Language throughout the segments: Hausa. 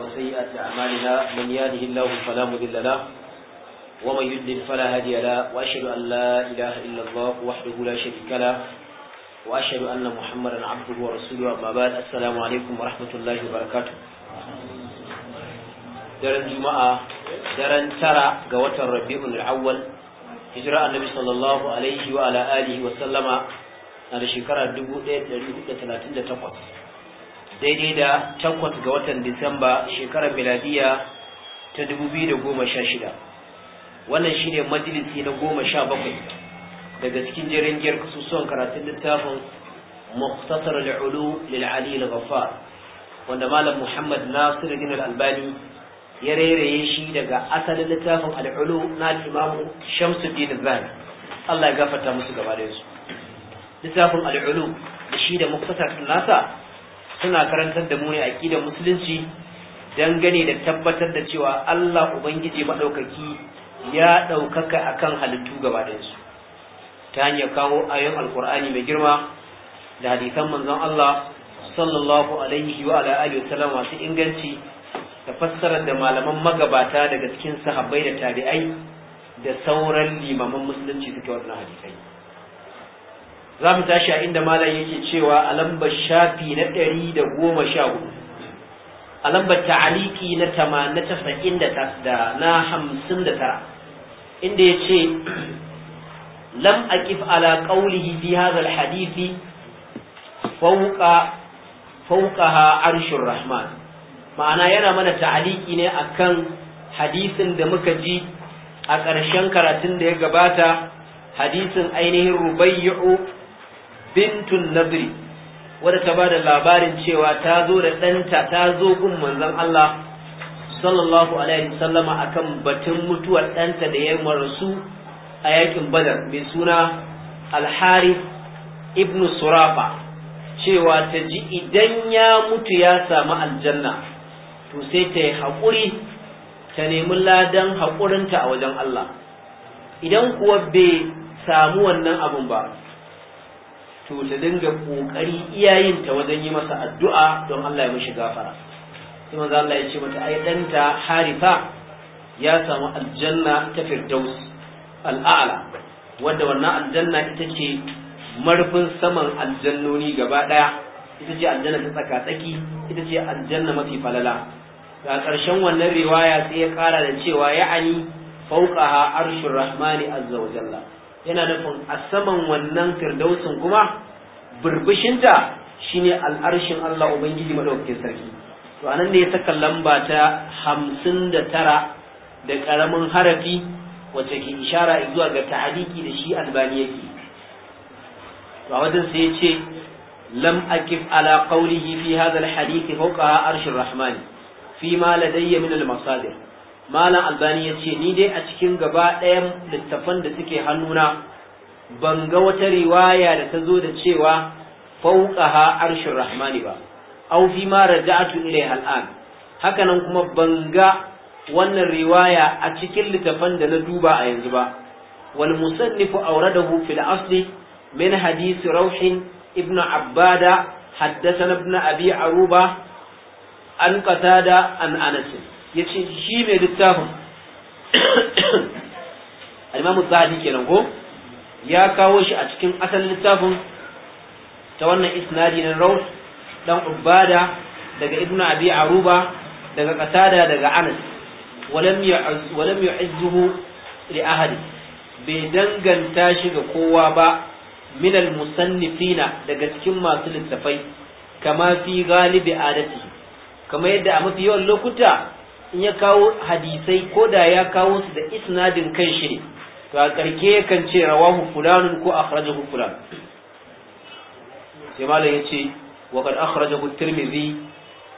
وسيئات أعمالنا من يهده الله فلا مضل له ومن يضلل فلا هادي له وأشهد أن لا إله إلا الله وحده لا شريك له وأشهد أن محمدا عبده ورسوله أما بعد السلام عليكم ورحمة الله وبركاته daren juma'a daren tara ga watan rabi'ul awwal hijira annabi sallallahu alaihi wa ala alihi wa sallama na da shekara 1438 daidai da takwas ga watan disamba shekarar miladiya ta shida, wannan shine majalisi na goma sha bakwai daga cikin jerin giyar kasusuwan karatun littafin muktasar al'ulu lil'ali al wanda malam muhammad nasir al al'albani ya rairaye shi daga asalin littafin al'ulu na imamu shamsuddin zani Allah ya gafata musu gaba da su littafin al'ulu da shi da muktasar nasa suna karantar da mu ne aqidar musulunci dangane da tabbatar da cewa Allah ubangiji madaukaki ya daukaka akan halittu gaba ɗayansu ta hanyar kawo ayoyin alkur'ani mai girma da hadisan manzon Allah sallallahu alaihi wa ala alihi wasallam masu inganci da fassarar da malaman magabata daga cikin sahabbai da tabi'ai da sauran limaman musulunci suke wannan hadisai za mu tashi a inda malam yake cewa a lambar shafi na ɗari da goma sha hudu a lambar ta'aliki na tama na tasa'in da na hamsin da tara inda ya ce lam kif ala qawlihi fi hadha alhadithi fauka ha arshin rahman ma'ana yana mana ta'aliki ne akan hadisin da muka ji a ƙarshen karatun da ya gabata hadisin ainihin rubayyu bintun nadri wadda ta ba da labarin cewa ta zo da ɗanta ta zo gun manzon Allah sallallahu alaihi wasallama akan batun mutuwar ɗanta da ya marasu a yakin badar mai suna alhari ibn surafa cewa ta ji idan ya mutu ya samu aljanna to sai ta yi haƙuri ta nemi ladan haƙurinta a wajen Allah idan kuwa bai samu wannan abun ba to ta dinga kokari iyayen ta wajen yi masa addu'a don Allah ya mishi gafara sai manzo Allah ya ce mata ai danta Haritha ya samu aljanna ta Firdaus al'ala wanda wannan aljanna ita ce marfin saman aljannoni gaba daya ita ce aljanna ta tsaka tsaki ita ce aljanna mafi falala ga ƙarshen wannan riwaya sai ya ƙara da cewa ya'ani fauqaha arshur rahmani azza wa jalla yana nufin a saman wannan firdausin kuma burbushinta shine al'arshin Allah Ubangiji madaukakin sarki to anan ne ya saka lamba ta hamsin da tara da ƙaramin harafi wacce ke ishara zuwa ga ta'aliki da shi albani yake a wajen sai ya ce lam akif ala qawlihi fi hadha al-hadith fawqa arshir rahmani fi ma ladayya min al-masadir malam albani ya ce ni dai a cikin gaba ɗayan littafan da suke hannuna ban ga wata riwaya da ta zo da cewa fauqaha arshin rahmani ba au fi ma raja'atu ilai al'an hakanan kuma ban ga wannan riwaya a cikin littafan da na duba a yanzu ba wal musannifu awradahu fil asli min hadith rawhin ibn abbada حدثنا ابن Abi, aruba an an an ya ce shi mai littafin alimamu zahabi kenan ko ya kawo shi a cikin asalin littafin ta wannan isnadi na rau dan ubada daga ibn abi aruba daga qatada daga anas walam yu'izz walam yu'izzuhu li ahadi bai danganta shi ga kowa ba min al musannifina daga cikin masu littafai kama fi galibi adati kama yadda a mafi yawan lokuta in ya kawo hadisai ko da ya kawo su da isnadin kan shi ne to a karke kan ce rawahu fulanun ko akhrajahu fulan sai malam yace wa kad akhrajahu tirmidhi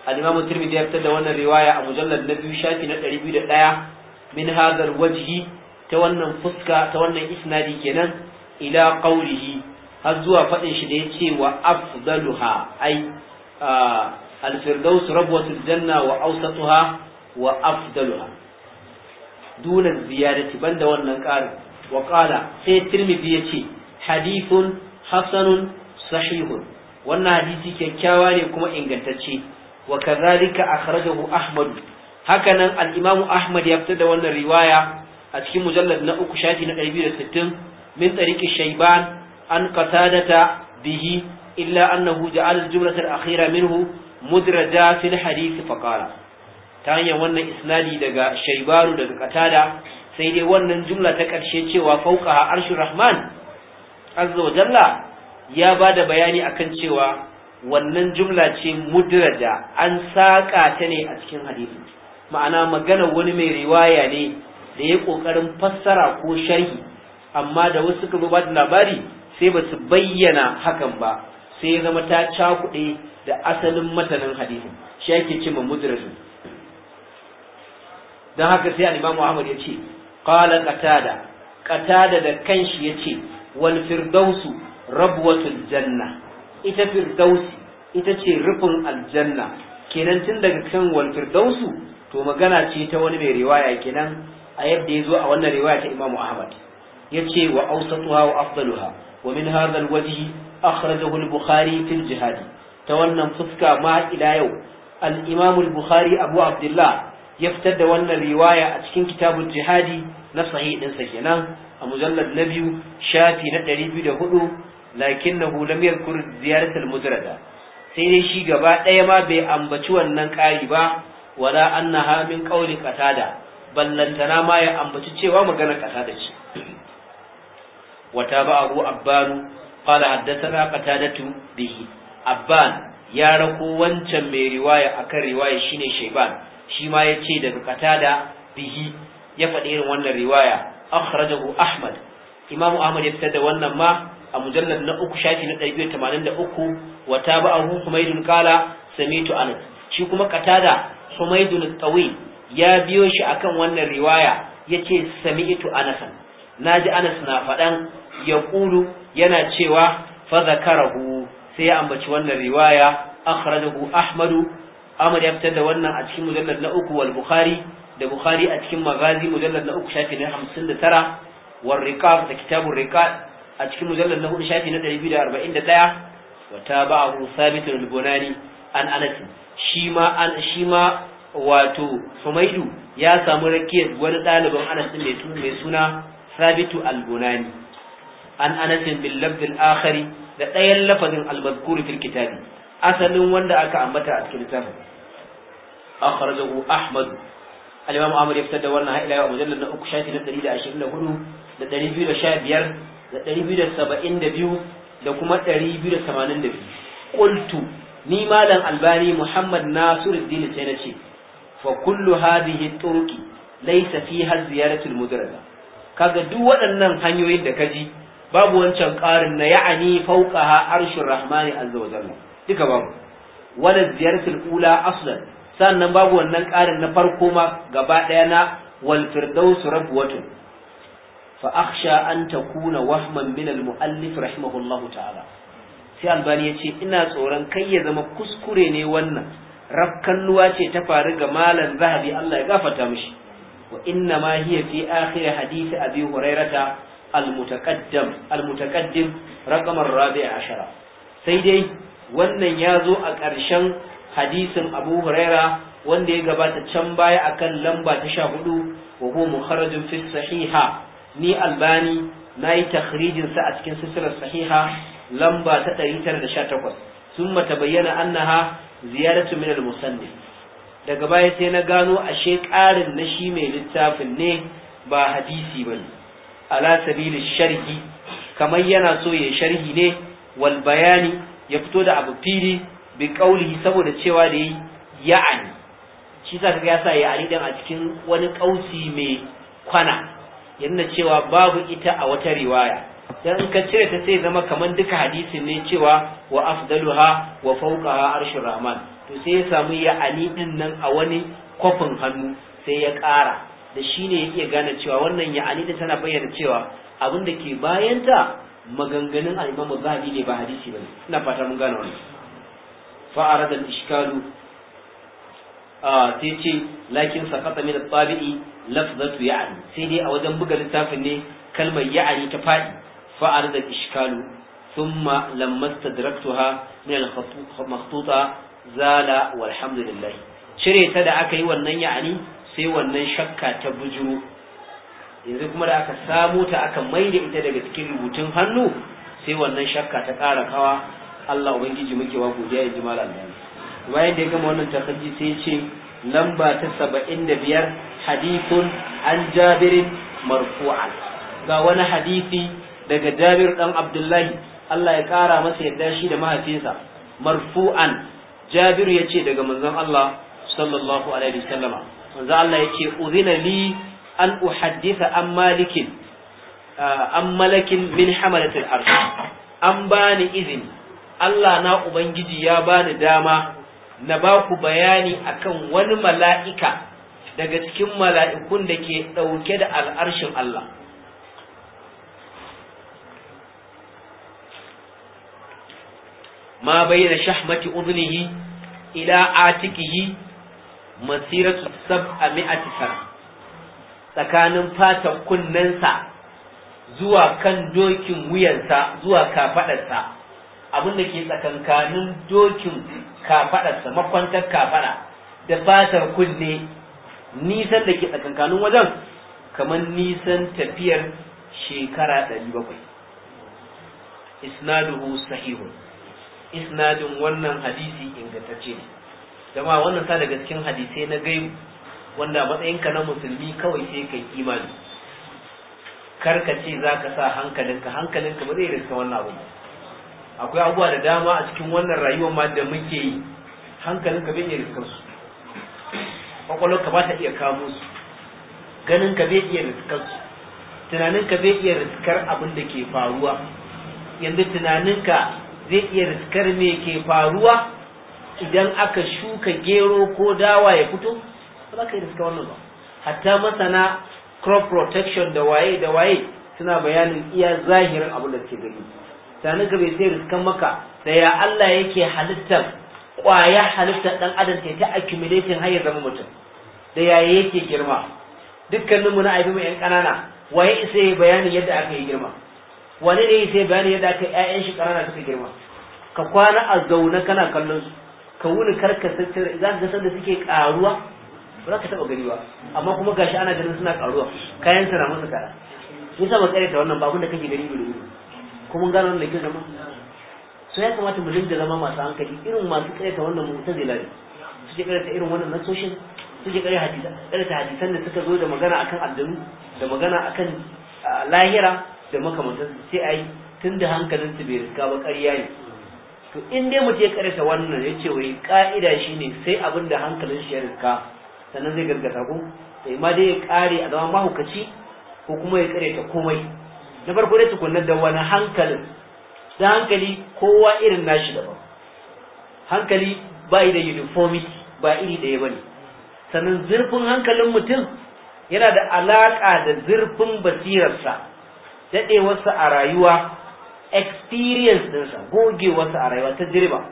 al-imam tirmidhi ya fitar da wannan riwaya a mujallad na biyu shafi na 201 min hadal wajhi ta wannan fuska ta wannan isnadi kenan ila qawlihi har zuwa fadin shi da yace wa afdaluha ai ah, al-firdaus rabwatul janna wa awsatuha wa afdaluha dunan ziyadati banda wannan ƙarin wa qala sai tirmidhi ce hadithun hasanun sahihun wannan hadisi kyakkyawa ne kuma ingantacce wa kadhalika akhrajahu ahmad hakanan al-imamu ahmad ya fitar da wannan riwaya a cikin mujallad na uku shafi na 260 min tariqi shayban an qatadata bihi illa annahu ja'ala al-jumlata al-akhira minhu mudraja fil hadith faqala ta hanyar wannan isnadi daga shaibaru daga katada sai dai wannan jumla ta ƙarshe cewa fauka a arshin rahman azza wa jalla ya ba da bayani akan cewa wannan jumla ce mudraja an saƙa ta ne a cikin hadisi ma'ana magana wani mai riwaya ne da ya ƙoƙarin fassara ko sharhi amma da wasu suka ba da labari sai ba su bayyana hakan ba sai ya zama ta cakuɗe da asalin matanin hadisin shi ake ce ma mudrajin don haka sai al-imamu ahmad ya ce qala katada da kanshi ya ce wal firdausu rabwatul janna ita firdausi ita ce rufin aljanna kenan tun daga kan wal firdausu to magana ce ta wani mai riwaya kenan a yadda ya zo a wannan riwaya ta imamu ahmad ya ce wa ausatuha wa afdaluha wa min hadha alwajhi akhrajahu al-bukhari fil jihad ta wannan fuska ma ila yau al-imam al-bukhari abu abdullah ya fitar da wannan riwaya a cikin kitabun jihadi na sahih ɗinsa kenan a mujallar na biyu shafi na ɗari biyu da hudu lakin na hula miyar yadkur ziyaratul mudrada sai dai shi gaba ɗaya ma bai ambaci wannan ƙari ba wala annaha min qawli qatada ballantana ma ya ambaci cewa magana qatada ce wata ba abu abban qala haddathana qatadatu bihi abban ya rako wancan mai riwaya akan riwaya shine shaiban. shi ma ya ce daga katada bihi ya faɗi irin wannan riwaya akhrajahu ahmad imam ahmad ya fitar da wannan ma a mujallad na uku shafi na 283 wa tabi'ahu humaydun qala samitu anas shi kuma katada humaydun tawil ya biyo shi akan wannan riwaya ya ce sami'tu anasan naji anas na faɗan ya ƙulu yana cewa fa zakarahu sai ya ambaci wannan riwaya akhrajahu ahmadu Ahmad ya fitar da wannan a cikin mujallar na uku wal Bukhari da Bukhari a cikin Maghazi mujallar na uku shafi na hamsin 59 wal Riqab da kitabun Riqab a cikin mujallar na hudu shafi na 241 wa tabahu Thabit al-Bunani an Anas shi ma an shi ma wato Humaidu ya samu rakiyar wani ɗaliban Anas din mai suna Thabit al-Bunani an Anas bil lafz akhari da ɗayan lafazin al-mazkur fil kitabi asalin wanda aka ambata a cikin littafin akhrajahu ahmad al-imam ahmad yafta da wannan haila da mujallal na uku shafi na 124 da 215 da 272 da kuma 282 qultu ni malam albani muhammad nasiruddin sai na ce fa kullu hadhihi turuqi laysa fiha ziyaratul mudrada kaga duk waɗannan hanyoyin da kaji babu wancan ƙarin na ya'ani fawqaha arshur rahmani azza wa jalla duka babu wala ziyaratul ula aslan sannan babu wannan ƙarin na farko ma gaba ɗaya na wal firdaus rabwatun fa akhsha an takuna wahman min al muallif rahimahullahu ta'ala sai albani yace ina tsoron kai ya zama kuskure ne wannan rakkalluwa ce ta faru ga malam zahabi Allah ya gafarta mishi wa inna ma hiya fi akhir hadith abi hurairata al mutaqaddim al mutaqaddim raqam ar ashara sai dai wannan ya zo a ƙarshen hadisin abu huraira wanda ya gabata can baya akan lamba ta sha hudu wa huwa fi sahiha ni albani na yi takhrijin sa a cikin sisirar sahiha lamba ta ɗari tara da sha takwas. sun mata bayyana annaha ziyaratu min al-musannif daga baya sai na gano ashe ƙarin na shi mai littafin ne ba hadisi ba ne. ala Sabilin sharhi kamar yana so ya sharhi ne wal bayani ya fito da abu fili bi kaulihi saboda cewa da yi ya'ani shi sa kaga ya sa dan a cikin wani kausi mai kwana yana cewa babu ita a wata riwaya dan in ka cire ta sai zama kaman duka hadisi ne cewa wa afdaluha wa fawqaha arshur rahman to sai ya samu ya'ani din nan a wani kofin hannu sai ya ƙara da shine ya iya gane cewa wannan ya'ani da tana bayyana cewa abin da ke bayanta maganganun al zahabi ne ba hadisi ba ne. ina fata mun gane wannan fa arada al-ishkalu sai ce lakin sakata min at-tabi'i lafzatu ya'ni sai dai a wajen buga littafin ne kalmar ya'ani ta fadi fa arada al-ishkalu thumma lamma istadraktuha min al-makhtuta zala walhamdulillah cire ta da aka yi wannan ya'ani. sai wannan shakka ta bujuru yanzu kuma da aka samu ta aka maida ita daga cikin rubutun hannu sai wannan shakka ta ƙara kawa Allah ubangiji muke wa godiya ya ji malam bayan da ya gama wannan tafsiri sai ya ce lamba ta saba'in 75 hadithun an jabirin marfu'an ga wani hadisi daga Jabir ɗan Abdullahi Allah ya ƙara masa yadda shi da mahaifinsa marfu'an Jabiru ya ce daga manzon Allah sallallahu alaihi wasallama manzon Allah ya ce uzina li an uhaddisa an malikin uh, an malakin min hamalatul arsh an bani izin. Allah na ubangiji ya bani dama na ba ku bayani akan wani mala'ika daga cikin mala'ikun da ke ɗauke da al'arshin Allah ma bayyana shahmati uzunihi ila atikihi masiratu sab'a mi'ati sana tsakanin fatan kunnensa zuwa kan dokin wuyansa zuwa sa, abin da ke tsakankanin dokin sa, makwantar kafaɗa da fatar kunne nisan da ke tsakankanin wajen kamar nisan tafiyar shekara ɗari bakwai isnaduhu sahihun isnadin wannan hadisi ingantacce ne jama'a wannan sa daga cikin hadisai na gaibu wanda matsayinka na musulmi kawai sai kai imani kar ka ce za ka sa hankalinka hankalinka ba zai riska wannan abu akwai abubuwa da dama a cikin wannan rayuwar ma da muke yi hankalinka bai iya riskar su kwakwalwarka ba ta iya kamo su ganinka bai iya riskar su tunaninka bai iya riskar abin da ke faruwa yanzu tunaninka zai iya riskar me ke faruwa idan aka shuka gero ko dawa ya fito ba ka yi da suka wannan ba hatta masana crop protection da waye da waye suna bayanin iya zahirin abin da suke gani sani ka bai sai riskan maka da ya Allah yake halittar kwaya halittar dan adam ta ta accumulating har ya zama mutum da ya yake girma dukkanin mu na aibi mu yan kanana waye isa ya bayanin yadda aka yi girma wani ne isa ya bayanin yadda aka ƴaƴan shi kanana suka girma ka kwana a zaune kana kallon su ka wuni karka sassare za ka san da suke karuwa ba za ka taɓa gani ba amma kuma gashi ana ganin suna karuwa kayan na musu kara me yasa ba tsare ta wannan ba abin da kake gani ne kuma gano wannan kin zama so ya kamata mu dinga zama masu hankali irin masu tsare ta wannan mu'tazila ne suke tsare ta irin wannan na nasoshin suke tsare hadisa tsare ta hadisan da suka zo da magana akan aljanu da magana akan lahira da makamantansu sai ai tun da su bai riska ba ƙarya ne to in dai mu je karanta wannan ya ce wai ka'ida shine sai abin da hankalin shi ya riska sannan zai gargata ko to eh, imma dai ya kare a zama mahaukaci ko kuma ya kare ta komai na farko dai tukunna da wani hankalin da hankali kowa irin nashi daban hankali ba da uniformity ba iri ɗaya bane sannan zurfin hankalin mutum yana da alaƙa da zurfin basirarsa daɗewarsa a rayuwa experience ɗinsa gogewarsa a rayuwa ta jirba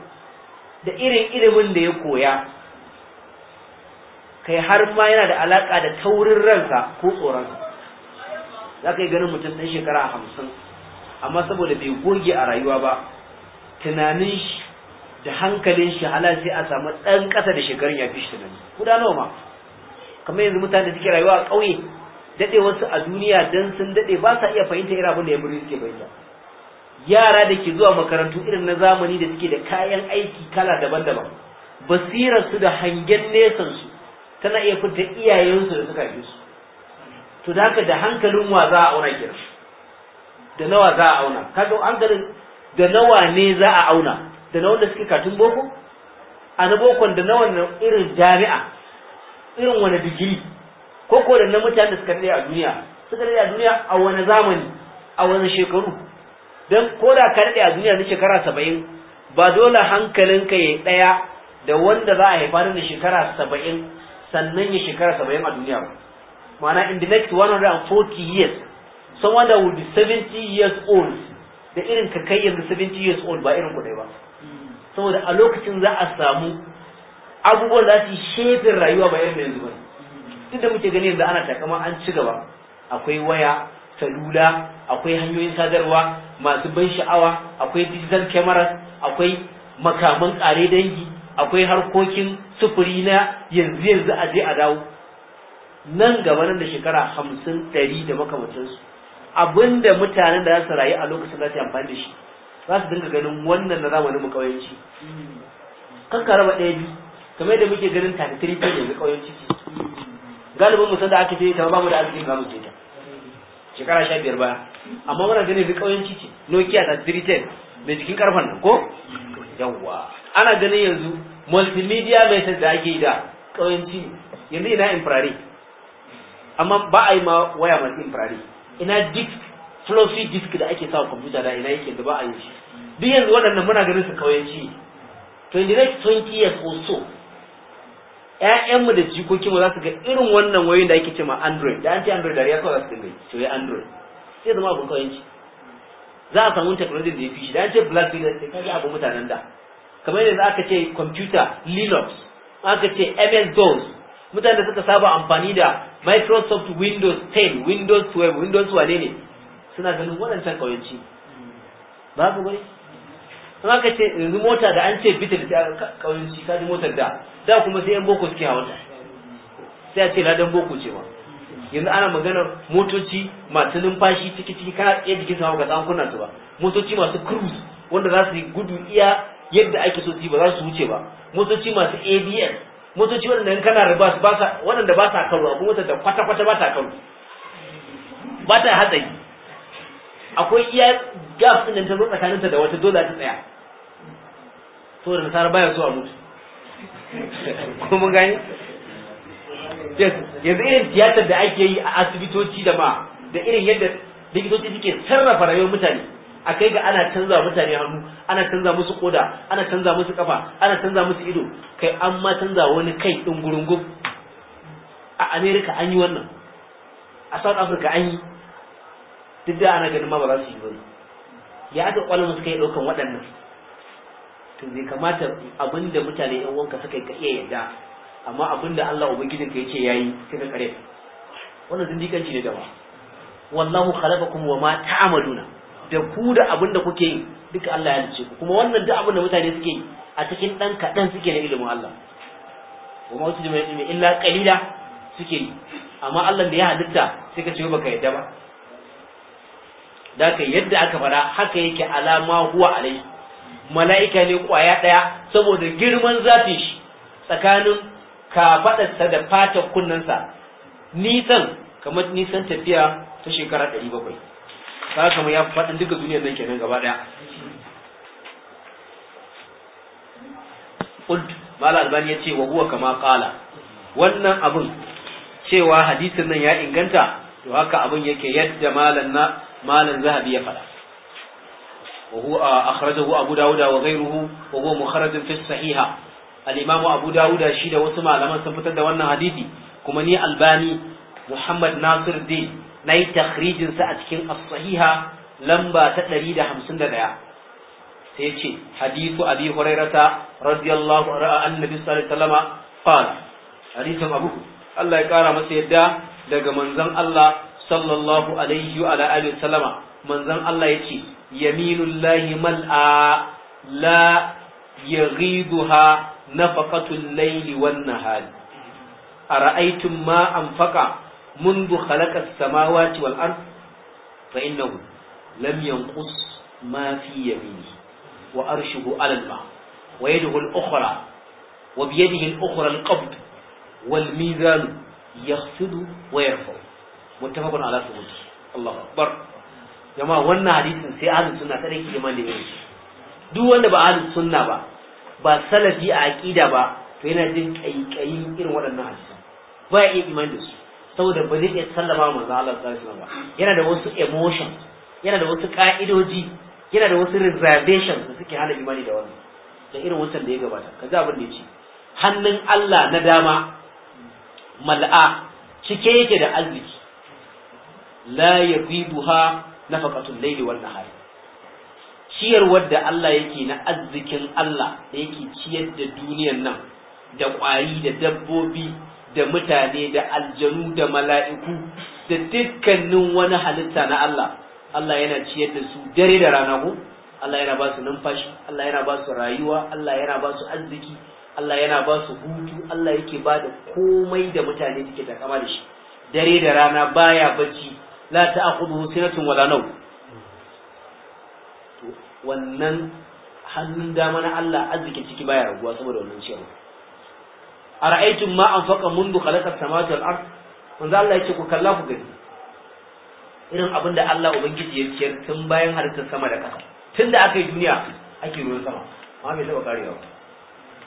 da irin ilimin da ya koya kai har ma yana da alaka da taurin ransa ko sa za ka yi ganin mutum ɗan shekara hamsin amma saboda bai goge a rayuwa ba tunanin shi da hankalin shi hala sai a samu ɗan ƙasa da shekarun ya fi shi tunani guda nawa ma kamar yanzu mutane suke rayuwa a ƙauye daɗe wasu a duniya don sun daɗe ba sa iya fahimta irin abin da ya birni suke fahimta yara da ke zuwa makarantu irin na zamani da suke da kayan aiki kala daban-daban basirar su da hangen nesan su tana iya fita iyayensu da suka fi su to da haka da hankalin wa za a auna kira da nawa za a auna kaga hankalin da nawa ne za a auna da nawa da suke katun boko a na bokon da nawa na irin jami'a irin wani digiri ko ko da na mutane da suka rade a duniya suka rade a duniya a wani zamani a wani shekaru don ko da ka rade a duniya na shekara saba'in ba dole hankalinka ya ɗaya da wanda za a haifa da shekara saba'in sannan ya shekara saba'in a duniya ba ma'ana in the next 140 years someone that will be 70 years old da irin ka kai yanzu 70 years old ba irin kudai ba saboda a lokacin za a samu abubuwan za su yi shefin rayuwa ba irin yanzu ba duk da muke gani yanzu ana takama an ci gaba akwai waya salula akwai hanyoyin sadarwa masu ban sha'awa akwai digital cameras akwai makaman kare dangi akwai harkokin sufuri na yanzu yanzu a je a dawo nan gaba nan da shekara hamsin ɗari da makamancinsu abinda mutanen da za su rayu a lokacin za su yi amfani da shi za su dinga ganin wannan na zamanin mu ƙauyenci kan ka raba ɗaya biyu kamar yadda muke ganin tatitiri ta yanzu ƙauyenci ce galibin mu da aka ce ta ba mu da arziki ba mu je ta shekara sha biyar baya amma muna ganin yanzu ƙauyenci ce nokia tatitiri ta mai jikin karfan nan ko yawwa ana ganin yanzu multimedia method da ake yi da ƙawanci yanzu ina infrared amma ba a yi ma waya masu infrared ina disk floppy disk da ake sa kwamfuta da ina yake da ba a yi shi duk yanzu waɗannan muna ganin su ƙawanci to 20 years or so ƴaƴanmu da jikokinmu za su ga irin wannan wayoyin da ake ce ma android da an ce android da ya kawai za su dinga to ya android sai zama abun ƙawanci za a samu technology da ya fi shi da an ce blackberry da sai kaji abun mutanen da kamar yadda aka ce computer linux aka ce ms dos mutane da suka saba amfani da microsoft windows 10 windows 12 windows wane ne suna ganin waɗancan ƙauyenci ku wani kuma aka ce yanzu mota da an ce bitin da ƙauyenci ka ji motar da da kuma sai yan boko suke hawa sai a ce ladan boko ce ma yanzu ana maganar motoci masu numfashi ciki ciki kana iya jikin sa ga kunna su ba motoci masu cruise wanda za su yi gudu iya yadda ake so ba za su wuce ba motoci masu abn motoci waɗanda kana riba basa sa waɗanda ba sa karo akwai wata da kwata-kwata ba ta karo ba ta hatsari akwai iya gap ɗin ta zo tsakaninta da wata dole ta tsaya to da nasara baya zuwa a mutu ko mun gani yanzu irin tiyatar da ake yi a asibitoci da ma da irin yadda likitoci suke sarrafa rayuwar mutane a kai ga ana canza mutane hannu ana canza musu koda ana canza musu kafa ana canza musu ido kai an ma canza wani kai din gurungun a america an yi wannan a south africa an yi duk da ana ganin ma ba za su yi ba ya aka kwalma su kai daukan waɗannan to bai kamata abinda mutane yan wanka suka ka iya yadda amma abinda Allah ka yake yayi sai ka kare wannan zindikanci ne da ba wallahu khalaqakum wa ma ta'maluna da ku da abin da kuke yi duka Allah ya halice ku kuma wannan duk abin da mutane suke yi a cikin dan kaɗan suke na ilimin Allah kuma wasu jama'a ne illa qalila suke yi amma Allah da ya halitta sai ka ce baka yadda ba da yadda aka fara haka yake alama huwa alai mala'ika ne kwaya daya saboda girman zafi shi tsakanin ta da fatar kunnensa nisan kamar nisan tafiya ta shekara ɗari bakwai ka kama ya faɗin duka duniyar nan kenan gaba ɗaya qult mala albani yace wa huwa kama qala wannan abun cewa hadisin nan ya inganta to haka abun yake yadda malan na malan zahabi ya faɗa wa huwa akhrajahu abu Dawuda wa ghayruhu wa huwa mukharraj fi sahiha al-imam abu dawud shi da wasu malaman sun fitar da wannan hadisi kuma ni albani muhammad nasir din na yi takhrijinsa a cikin as-sahiha lamba ta 151 sai ce hadithu abi hurairata radiyallahu annabi sallallahu alaihi wasallam qala abu Allah ya kara masa yadda daga manzon Allah sallallahu alaihi wa ala alihi sallama manzon Allah yace yaminullahi mal'a la yaghiduha nafaqatul layli wan nahari ara'aytum ma anfaqa منذ خلق السماوات والأرض فإنه لم ينقص ما في يمينه وأرشه على الماء ويده الأخرى وبيده الأخرى القبض والميزان يخفض ويرفع متفق على ثبوته الله أكبر jama'a wannan hadisin sai ahlus sunna kada ke imani da shi duk wanda ba ahlus sunna ba ba salafi a aƙida ba to yana jin kaikayin irin waɗannan hadisi ba iya imani da su saboda ba zai iya sallama manzo Allah sallallahu alaihi yana da wasu emotion yana da wasu ka'idoji yana da wasu reservation da suke hana imani da wannan da irin wancan da ya gabata kaza abin da ya ce hannun Allah na dama mal'a cike yake da arziki la yaqibuha nafaqatul layli wal nahar ciyarwar da Allah yake na arzikin Allah da yake ciyar da duniyar nan da ƙwari da dabbobi da mutane da aljanu da mala'iku da dukkanin wani halitta na Allah Allah yana ciyar da su dare da rana ko Allah yana ba su numfashi Allah yana ba su rayuwa Allah yana ba su arziki Allah yana ba su hutu Allah yake ba da komai da mutane suke kama da shi dare da rana baya bacci la ta'khudhu sinatun wala nawm wannan hannun dama na Allah arzikin ciki baya raguwa saboda wannan ciyarwa ara'aytum ma anfaqa mundu khalaqa samawati wal ard manzo Allah yake ku kalla ku gani irin abinda Allah ubangiji ya ciyar tun bayan halittar sama da ƙasa Tunda aka yi duniya ake ruwan sama amma bai taba karewa ba,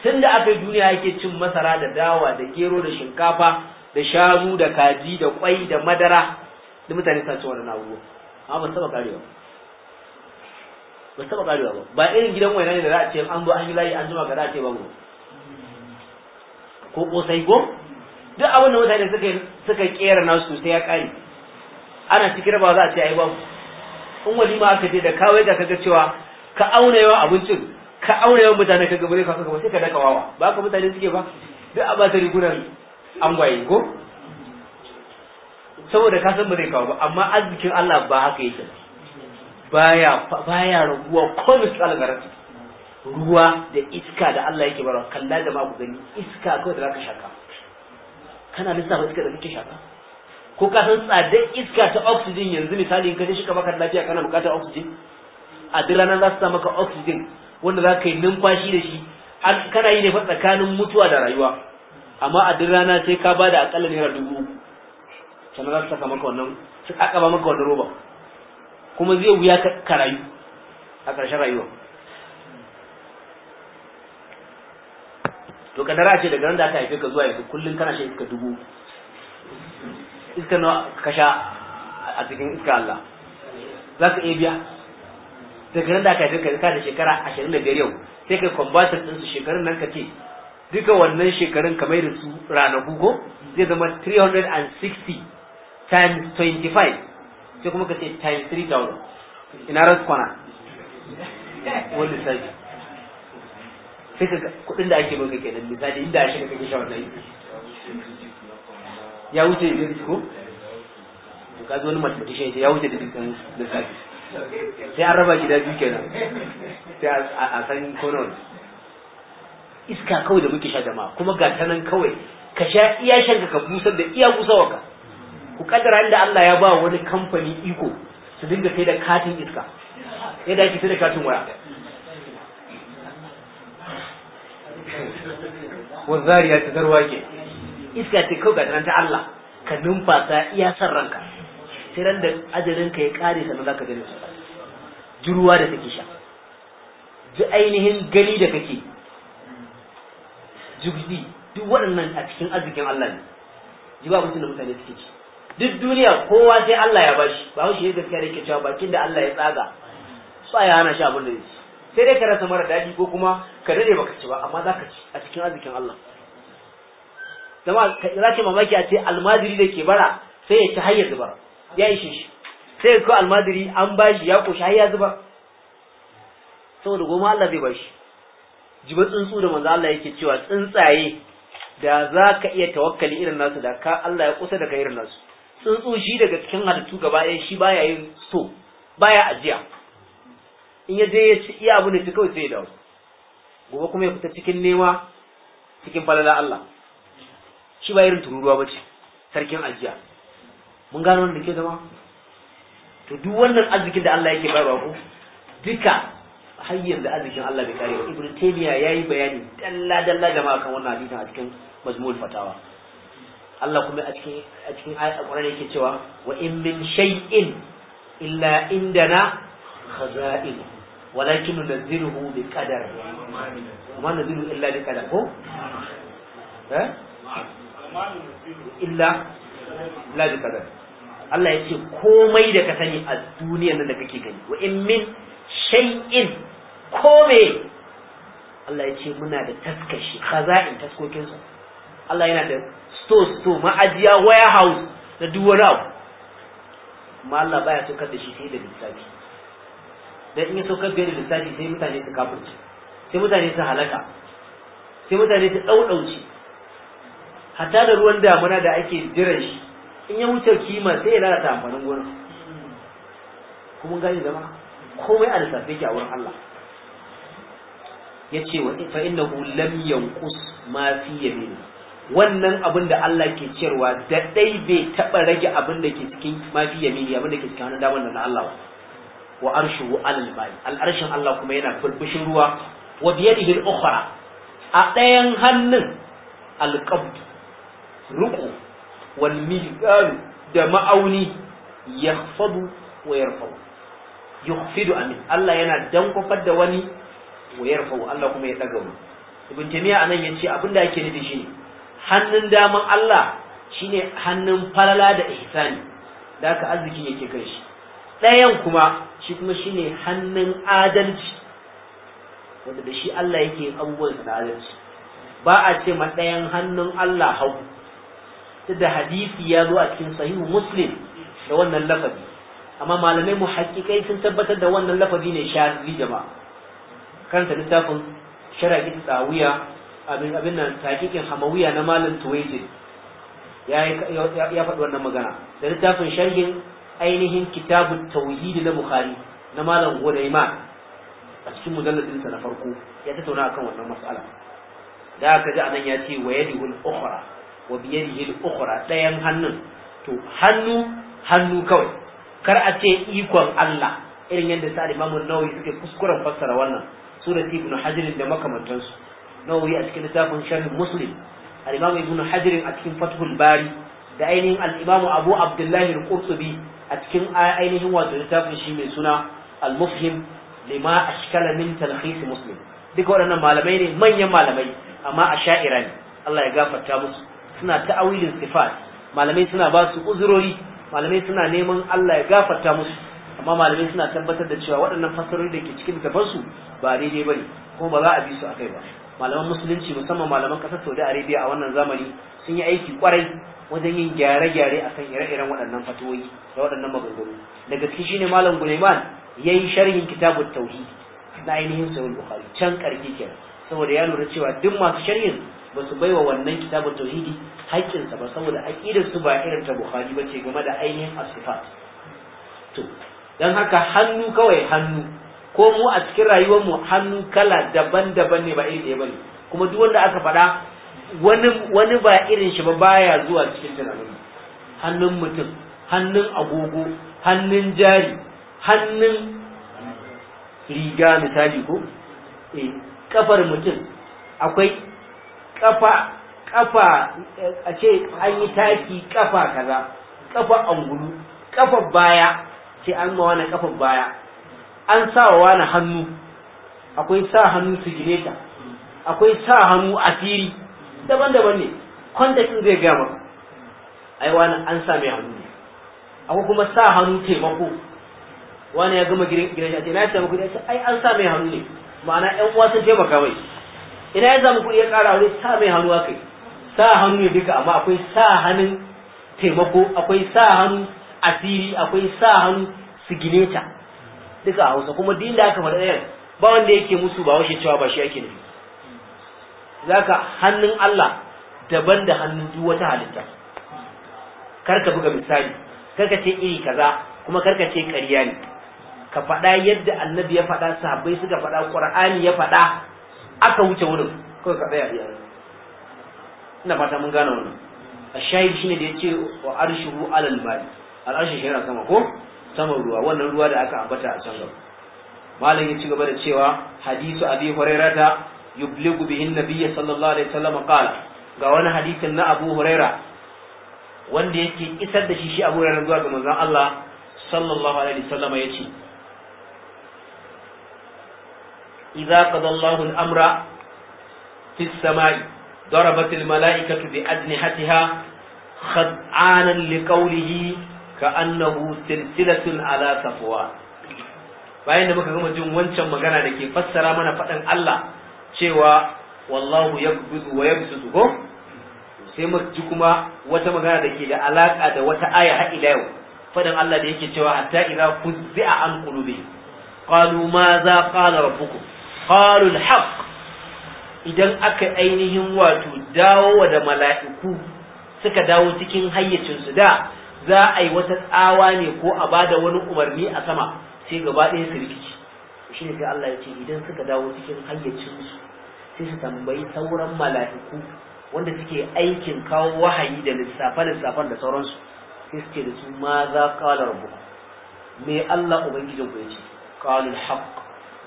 tunda aka yi duniya yake cin masara da dawa da gero da shinkafa da shanu da kaji da kwai da madara da mutane suna ci wannan nawo amma ba taba karewa ba taba karewa ba ba irin gidan waina ne da za a ce an zo an yi layi an jima ga za a ce babu ko kosai go? duk abin da mutane suka suka kera nasu sai ya kare ana cikin ba za a ce ai ba in walima aka je da kawai da kaga cewa ka auna yawan abincin ka auna yawan mutane kaga bare ka kaga sai ka daka wawa ba ka mutane suke ba duk a ba ta rigunan angwaye ko saboda ka san ba zai kawo ba amma arzikin Allah ba haka yake baya baya raguwa ko salgarati ruwa da iska da Allah yake barwa kalla da ma ku gani iska kawai da zaka shaka kana lissafa iska da kake shaka ko ka san tsadar iska ta oxygen yanzu misali in ka je shi baka lafiya kana bukatar oxygen a duk ranar za su sa maka oxygen wanda za ka yi numfashi da shi kana yi ne fa tsakanin mutuwa da rayuwa amma a duk rana sai ka bada akalla naira dubu uku sannan za su saka maka wannan su aka ba maka wannan roba kuma zai wuya ka rayu a ƙarshen rayuwa to kadara ce daga nan da aka haife ka zuwa yanzu kullum kana shi iska dubu iska na kasha a cikin iska Allah za ka iya biya daga nan da aka haife ka da shekara ashirin da yau sai kai kwambatar ɗinsu shekarun nan ka ce duka wannan shekarun mai da su ranaku ko zai zama 360 times 25 sai kuma ka ce times 3000 ina rasu kwana wani lissafi sai ka kuɗin da ake baka kenan misali inda ake da kake sha wannan ya wuce da ko to ka zo wani shi ya wuce da dukkan da sai an raba gida biyu kenan sai a san konon iska kawai da muke sha jama'a kuma ga ta nan kawai ka sha iya shanka ka busar da iya busawa ka ku kaddara inda Allah ya ba wani kamfani iko su dinga kai da katin iska yadda ake sai da katin waya wazariya ta ke. iska ce kau ga ta Allah ka numfasa iya san ranka sai ran da ajalin ka ya kare sannan ka gani su juruwa da take sha ji ainihin gani da kake jirgi duk waɗannan a cikin arzikin Allah ne ji ba mutum da mutane suke ci duk duniya kowa sai Allah ya bashi ba shi gaskiya da ke cewa bakin da Allah ya tsaga ba ya yana shi abin da yake sai dai ka rasa mara daɗi ko kuma ka dade baka ci ba amma za ka ci a cikin arzikin Allah zama za mamaki a ce almadiri da ke bara sai ya ci har ya zubar ya ishe shi sai ko almadiri an bashi ya koshi har ya zubar saboda goma Allah zai bashi jiba tsuntsu da manzo Allah yake cewa tsuntsaye da za ka iya tawakkali irin nasu da ka Allah ya kusa da ka irin nasu tsuntsu shi daga cikin halittu gaba ɗaya shi baya yin so baya ajiya in ya je ya ci iya abu ne kawai sai ya dawo gobe kuma ya fita cikin nema cikin falala Allah shi ba irin tururuwa ba ce sarkin ajiya mun gano wanda ke zama to duk wannan arzikin da Allah yake bayarwa ku duka har yanzu arzikin Allah bai kare ba ibnu taymiya yayi bayani dalla dalla da kan wannan hadisi a cikin majmu'ul fatawa Allah kuma a cikin a cikin ayat qur'ani yake cewa wa in min shay'in illa indana khaza'in walakin nunazziluhu bi kadar. kuma nunazzilu illa bi kadar. ko eh illa la bi qadar Allah ya ce komai da ka sani a duniyar nan da kake gani wa in min shay'in komai. Allah ya ce muna da taskashi khaza'in taskokinsa Allah yana da store store ma'ajiya warehouse da duk wani abu amma Allah baya tukar da shi sai da lissafi da in ya saukar da lissafi sai mutane su kafirci sai mutane su halaka sai mutane su ɗauɗauci. hatta da ruwan damuna da ake jiran shi in ya wuce kima sai ya lalata amfanin gona kuma gani zama komai a lissafi ke a wurin Allah ya ce wa fa innahu lam yanqus ma fi yamin wannan abin da Allah ke ciyarwa da dai bai taba rage abin da ke cikin mafi fi yamin abin da ke cikin hannun damar da na Allah ba wa arshuhu alal ba'i al'arshin Allah kuma yana fulfushin ruwa wa biyadihi al-ukhra a ɗayan hannun alqabd ruku wal mizan da ma'auni yakhfadu wa yarfa'u yukhfidu amin Allah yana dankwafar da wani wa yarfa'u Allah kuma ya daga mu ibn tamiya anan yace abinda yake nufi shine hannun daman Allah shine hannun falala da ihsani da haka arzikin yake kai shi ɗayan kuma shi kuma ne hannun adalci wanda da shi Allah yake yin abubuwan da adalci ba a ce ma hannun Allah ta da hadisi ya zo a cikin sahihu muslim da wannan lafazi amma malamai mu haƙiƙai sun tabbatar da wannan lafazi ne shari'i jama'a kanta littafin ta tsawiya abin abin nan takikin hamawiya na malam tuwaijin ya faɗi wannan magana da littafin sharhin ainihin kitabun tauhid na bukhari na malam gudaima a cikin mujalladin na farko ya tattauna akan wannan mas'ala da aka ji anan ya ce wa yadihi al-ukhra wa bi yadihi al-ukhra dayan hannun to hannu hannu kawai kar a ce ikon Allah irin yadda sa Imam Nawawi suke kuskuren fassara wannan surati Ibn Hajar da makamantansu Nawawi a cikin littafin Sharh Muslim al-Imam Ibn Hajar a cikin Fathul Bari da ainihin al-Imam Abu Abdullahi al-Qurtubi a cikin ainihin wato littafin shi mai suna al-mufhim lima ashkala min talhis muslim duka waɗannan malamai ne manyan malamai amma a sha'ira ne Allah ya gafarta musu suna ta'awilin sifat malamai suna ba su uzurori malamai suna neman Allah ya gafarta musu amma malamai suna tabbatar da cewa waɗannan fasarori da ke cikin gaban su ba daidai bane kuma ba za a bi su akai ba malaman musulunci musamman malaman kasar saudi arabia a wannan zamani sun yi aiki kwarai wajen yin gyare-gyare akan ire-iren waɗannan fatoyi da waɗannan maganganu daga cikin shine malam guleiman ya yi sharhin kitabun tauhid na ainihin sahih bukhari can karfi kenan saboda ya lura cewa duk masu sharhin ba su wa wannan kitabun tauhidi haƙƙinsa ba saboda aƙidar su ba irin ta bukhari ba ce game da ainihin asifat to don haka hannu kawai hannu ko mu a cikin rayuwar mu hannu kala daban-daban ne ba iri ɗaya bane kuma duk wanda aka faɗa wani wani ba irin shi ba baya zuwa cikin tunanin hannun mutum hannun agogo hannun jari hannun riga misali ko eh kafar mutum akwai kafa kafa a ce an yi taki kafa kaza kafa angulu kafa baya ce an ma wani kafa baya an sa wa wani hannu akwai sa hannu sigileta akwai sa hannu asiri daban-daban ne kwantakin zai gama ai wani an sa mai hannu ne akwai kuma sa hannu taimako wani ya gama gidan shi ina ya samu ce ai an sa mai hannu ne ma'ana yan wasan taimaka mai ina ya samu kuɗi ya ƙara wani sa mai hannu aka yi sa hannu ya duka amma akwai sa hannun taimako akwai sa hannu asiri akwai sa hannu sigileta duka a Hausa kuma dinda da aka faɗa ɗayan ba wanda yake musu ba washe cewa ba shi ake nufi zaka hannun Allah daban da hannun duk wata halitta kar ka buga misali kar ka ce iri kaza kuma kar ka ce ƙarya ne ka faɗa yadda annabi ya faɗa sahabbai suka faɗa qur'ani ya faɗa aka wuce wurin kawai ka tsaya iya ina fata mun gane wannan ashahid shine da yace wa arshu alal ma'i al shi yana sama ko saman ruwa wannan ruwa da aka ambata a can gaba malam ya ci gaba da cewa hadisu abi da yubligu bihin nabiyyi sallallahu alaihi wasallam qala ga wani hadisin na abu huraira wanda yake isar da shi shi abu hurairah zuwa ga manzon Allah sallallahu alaihi wasallam yace idza qada Allahu al-amra fi as-sama'i darabat al-mala'ikatu bi adnihatiha khad'anan liqawlihi ka annahu silsilatun ala bayan da muka gama jin wancan magana da ke fassara mana faɗin Allah cewa wallahu gudu wa yabsutu ko sai mu ji kuma wata magana da ke da alaka da wata aya ha ila yau faɗin Allah da yake cewa hatta idza fuzza an qulubi qalu ma za qala rabbukum qalu alhaq idan aka ainihin wato dawo da mala'iku suka dawo cikin hayyacin su da za a yi wata tsawa ne ko a bada wani umarni a sama sai gaba ɗaya su rikici shi ne sai Allah ya ce idan suka dawo cikin hayyacinsu sai su tambayi sauran mala'iku wanda suke aikin kawo wahayi da lissafe-lissafen da sauransu sai suke da su ma za kala rabu me Allah ubangijin ku ya ce kalin haq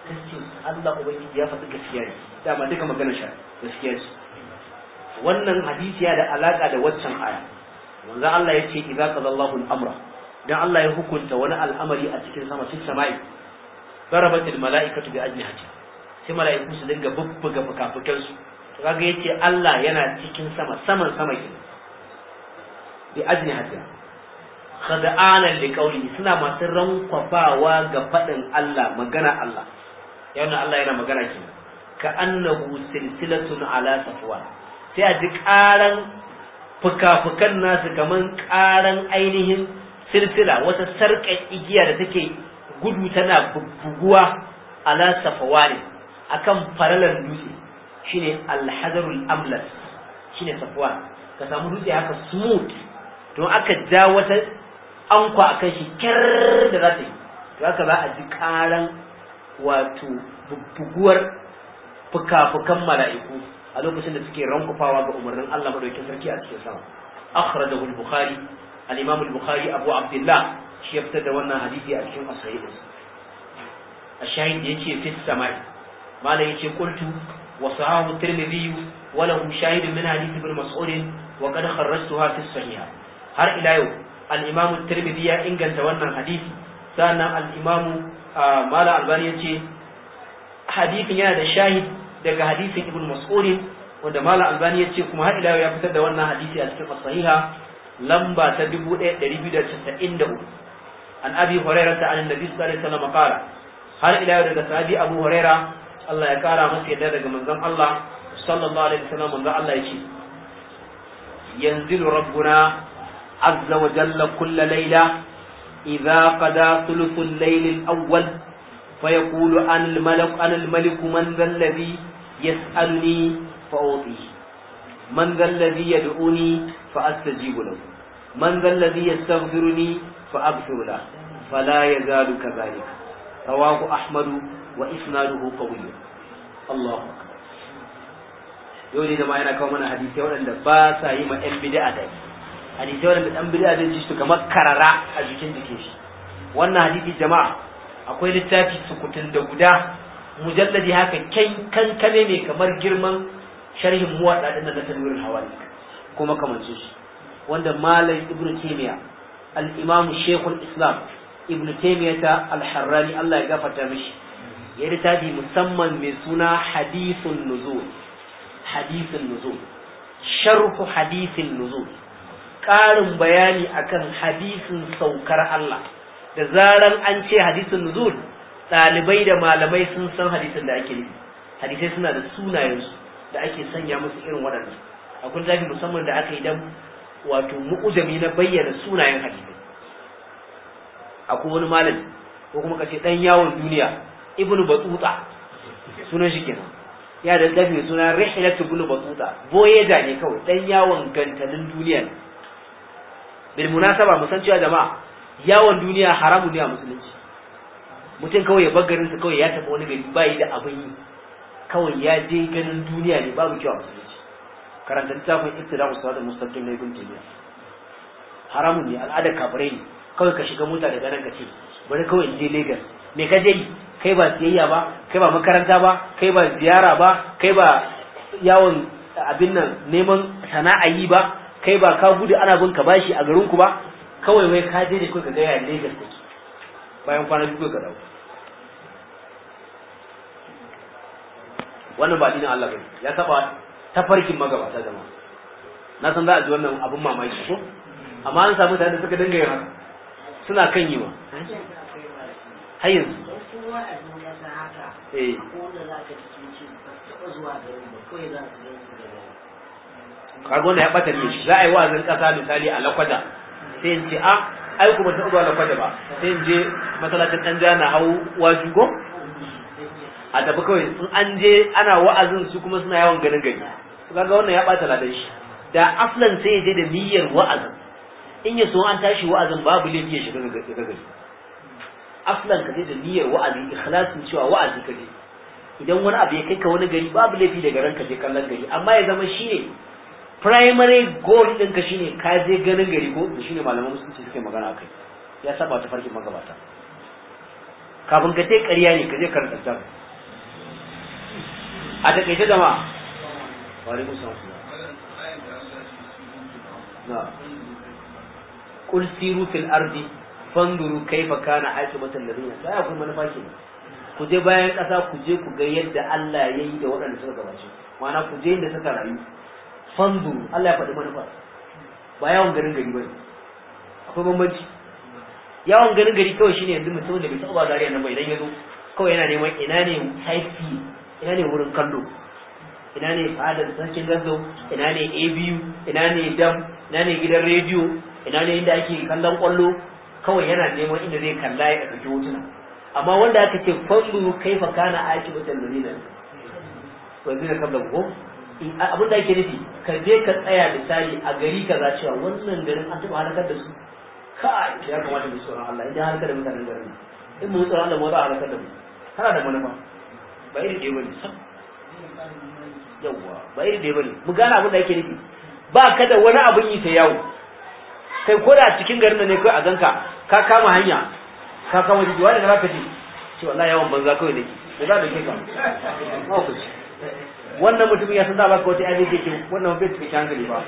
sai Allah ubangiji ya faɗi gaskiya ne dama duka maganar shi gaskiya ce wannan hadisi ya da alaƙa da waccan aya manzo Allah yace idza qadallahu al-amra dan Allah ya hukunta wani al'amari a cikin sama cikin sama'i darabatil mala'ikatu bi ajnihati sai mala'iku su dinga bubbuga fukafukan su to kaga yake Allah yana cikin sama saman sama ke bi ajnihati khada'ana li qawli suna masu rankwafawa ga fadin Allah magana Allah yana Allah yana magana kenan ka annahu silsilatun ala safwa sai a ji karan fuka-fukan nasu kamar ƙaran ainihin silsila wata sarƙar igiya da take gudu tana buguwa ala safawari akan faralar dutse shine alhazarul amlas shine safuwa ka samu dutse haka smooth don aka ja wata anko akan shi kyar da za ta yi to haka za a ji ƙaran wato buguwar fuka-fukan mala'iku a lokacin da suke rankufawa ga umarnin Allah madaukakin sarki a cikin sama akhrajahu al-bukhari al-imam al-bukhari abu abdullah shi ya fitar da wannan hadisi a cikin as-sahih ash-shahid yace fi samai malai yace qultu wa sahahu tirmidhi wa lahu shahid min hadith ibn mas'ud wa qad kharrajtuha fi as-sahih har ila yau al-imam tirmidhi ya inganta wannan hadisi sannan al-imam ah, mala albani yace hadisin yana da shahid daga hadisin ibn mas'ud wanda malam albani ya ce kuma har ila ya fitar da wannan hadisi a cikin sahiha lamba ta 1293 an abi hurairah ta annabi sallallahu alaihi wasallam qala har ila daga sahabi abu Horaira Allah ya kara masa yadda daga manzon Allah sallallahu alaihi wasallam manzon Allah ya ce yanzilu rabbuna azza wa jalla kulla layla إذا قضى ثلث الليل الأول فيقول أنا الملك أنا الملك من ذا الذي yas'aluni fa utihi man dhal ladhi yad'uni fa astajibu lahu man dhal ladhi yastaghfiruni fa aghfiru lahu fala yazalu kadhalik rawahu ahmad wa isnaduhu qawiy Allahu akbar yau ne da ma yana kawo mana hadisi waɗanda ba sa yi ma ƴan bid'a da hadisi waɗanda ɗan bid'a da ji su kamar karara a jikin jikin shi wannan hadisi jama'a akwai littafi sukutun da guda mujalladi haka kai kankane ne kamar girman sharhin muwaɗa ɗin da tanwirin hawali kuma kamar shi wanda malam ibn taymiya al-imam shaykhul islam ibn taymiya ta al-harrani Allah ya gafarta mishi ya littafi musamman mai suna hadithun nuzul hadithun nuzul sharhu hadithin nuzul ƙarin bayani akan hadisin saukar Allah da zaran an ce hadisin nuzul dalibai da malamai sun san hadisin da ake nufi hadisai suna da sunayensu da ake sanya musu irin waɗannan akwai zafi musamman da aka yi dan wato mu'ujami na bayyana sunayen hadisai akwai wani malam ko kuma kace dan yawon duniya ibnu batuta sunan shi kenan ya da zafi suna ibnu batuta boyeda ne kawai dan yawon gantalin duniya bil munasaba mu jama'a yawon duniya haramun ne a musulunci mutum kawai ya bar sa kawai ya tafi wani gari bayi da abin yi kawai ya je ganin duniya ne babu kyau a musulunci karanta littafin ibtida'u salatul mustaqim na ibn taymiya haramun ne al'adar kafirai ne kawai ka shiga mota da nan ka ce bari kawai in je Lagos me ka je kai ba siyayya ba kai ba makaranta ba kai ba ziyara ba kai ba yawon abin nan neman sana'a yi ba kai ba ka gudu ana bin ka bashi a garin ku ba kawai wai ka je ne kai ka ga ya Lagos bayan kwana biyu ka dawo wannan ba dinin Allah bane ya saba tafarkin magabata zama na san za a ji wannan abun mamaki ko amma an samu tare da suka dinga yin suna kan yi ma har yanzu eh kaga wanda ya bata ne shi za a yi wa'azin kasa misali a lakwada sai in ce a ah, ai kuma ta zuwa lakwada ba sai in je masallacin dan jana hau wajugo a tafi kawai sun an je ana wa'azin su kuma suna yawan ganin gari to kaga wannan ya bata ladan shi da aflan sai je da niyyar wa'azin in ya so an tashi wa'azin babu laifi ya shiga daga gari aflan ka je da niyyar wa'azi ikhlasin cewa wa'azi ka je idan wani abu ya kai ka wani gari babu laifi daga ka je kallon gari amma ya zama shine primary goal ɗinka shine ka je ganin gari ko da ne malaman musulunci suke magana a kai. ya saba ta farkin magabata kafin ka je ƙarya ne ka je karanta a takaice jama'a wani musamman na kul siru fil ardi fanduru kaifa kana aqibatul ladina sai akwai manufa ke ku je bayan kasa ku je ku ga yadda Allah ya yi da waɗanda suka gabace ma'ana ku je inda suka rayu fanduru Allah ya faɗi manufa ba yawon garin gari bane akwai bambanci yawon garin gari kawai shine yanzu mutum da bai taɓa zariya nan ba idan ya zo kawai yana neman ina ne haifi ina ne wurin kallo ina ne fadar sarkin gado ina ne abu ina ne dam ina ne gidan rediyo ina ne inda ake kallon kwallo kawai yana neman inda zai kalla ya ɗauki hotuna amma wanda aka ce kai kaifa kana aiki mutan da nina wanzu na kablan ko abin da ake nufi ka je ka tsaya misali a gari ka za cewa wannan garin an taɓa halakar da su kai ya kamata mu tsoron Allah idan halakar da mutanen garin in mu tsoron Allah mu za a halakar da mu kana da manufa ba iri ɗaya sam yawwa ba iri ɗaya bane mu gane abin da yake nufi ba ka da wani abin yi sai yawo kai ko da cikin garin da ne kai a ganka ka kama hanya ka kama jiki wani za ka ji ce wallahi yawan banza kawai nake da za da ke ka wannan mutumin ya san za baka wata aiki ke wannan bai cikin hankali ba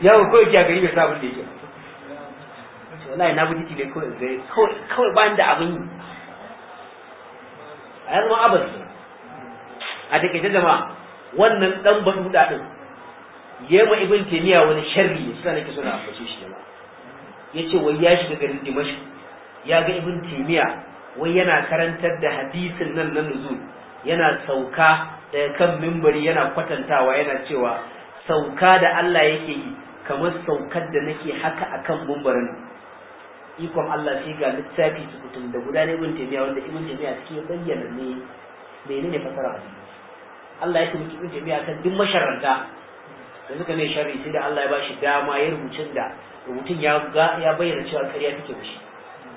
yawo kawai ke a gari bai sa abin da yake wallahi na bi jiki ne kawai kawai ba da abin yi a yanzu ma abin a take ta jama'a wannan dan baduda din yema ibn taymiya wani sharri sai nake suna na ambace shi jama'a yace wai ya shiga garin dimashq ya ga ibn taymiya wai yana karantar da hadisin nan na nuzul yana sauka daga kan mimbari yana kwatantawa yana cewa sauka da Allah yake yi kamar saukar da nake haka akan mimbarin ikon Allah sai ga littafi su tukutun da guda ibn taymiya wanda ibn taymiya suke bayyana ne menene fasara hadisi Allah ya tabbata ibn jami'a kan duk masharanta da suka mai sharri sai da Allah ya bashi dama ya rubutun da rubutun ya ga ya bayyana cewa ƙarya take shi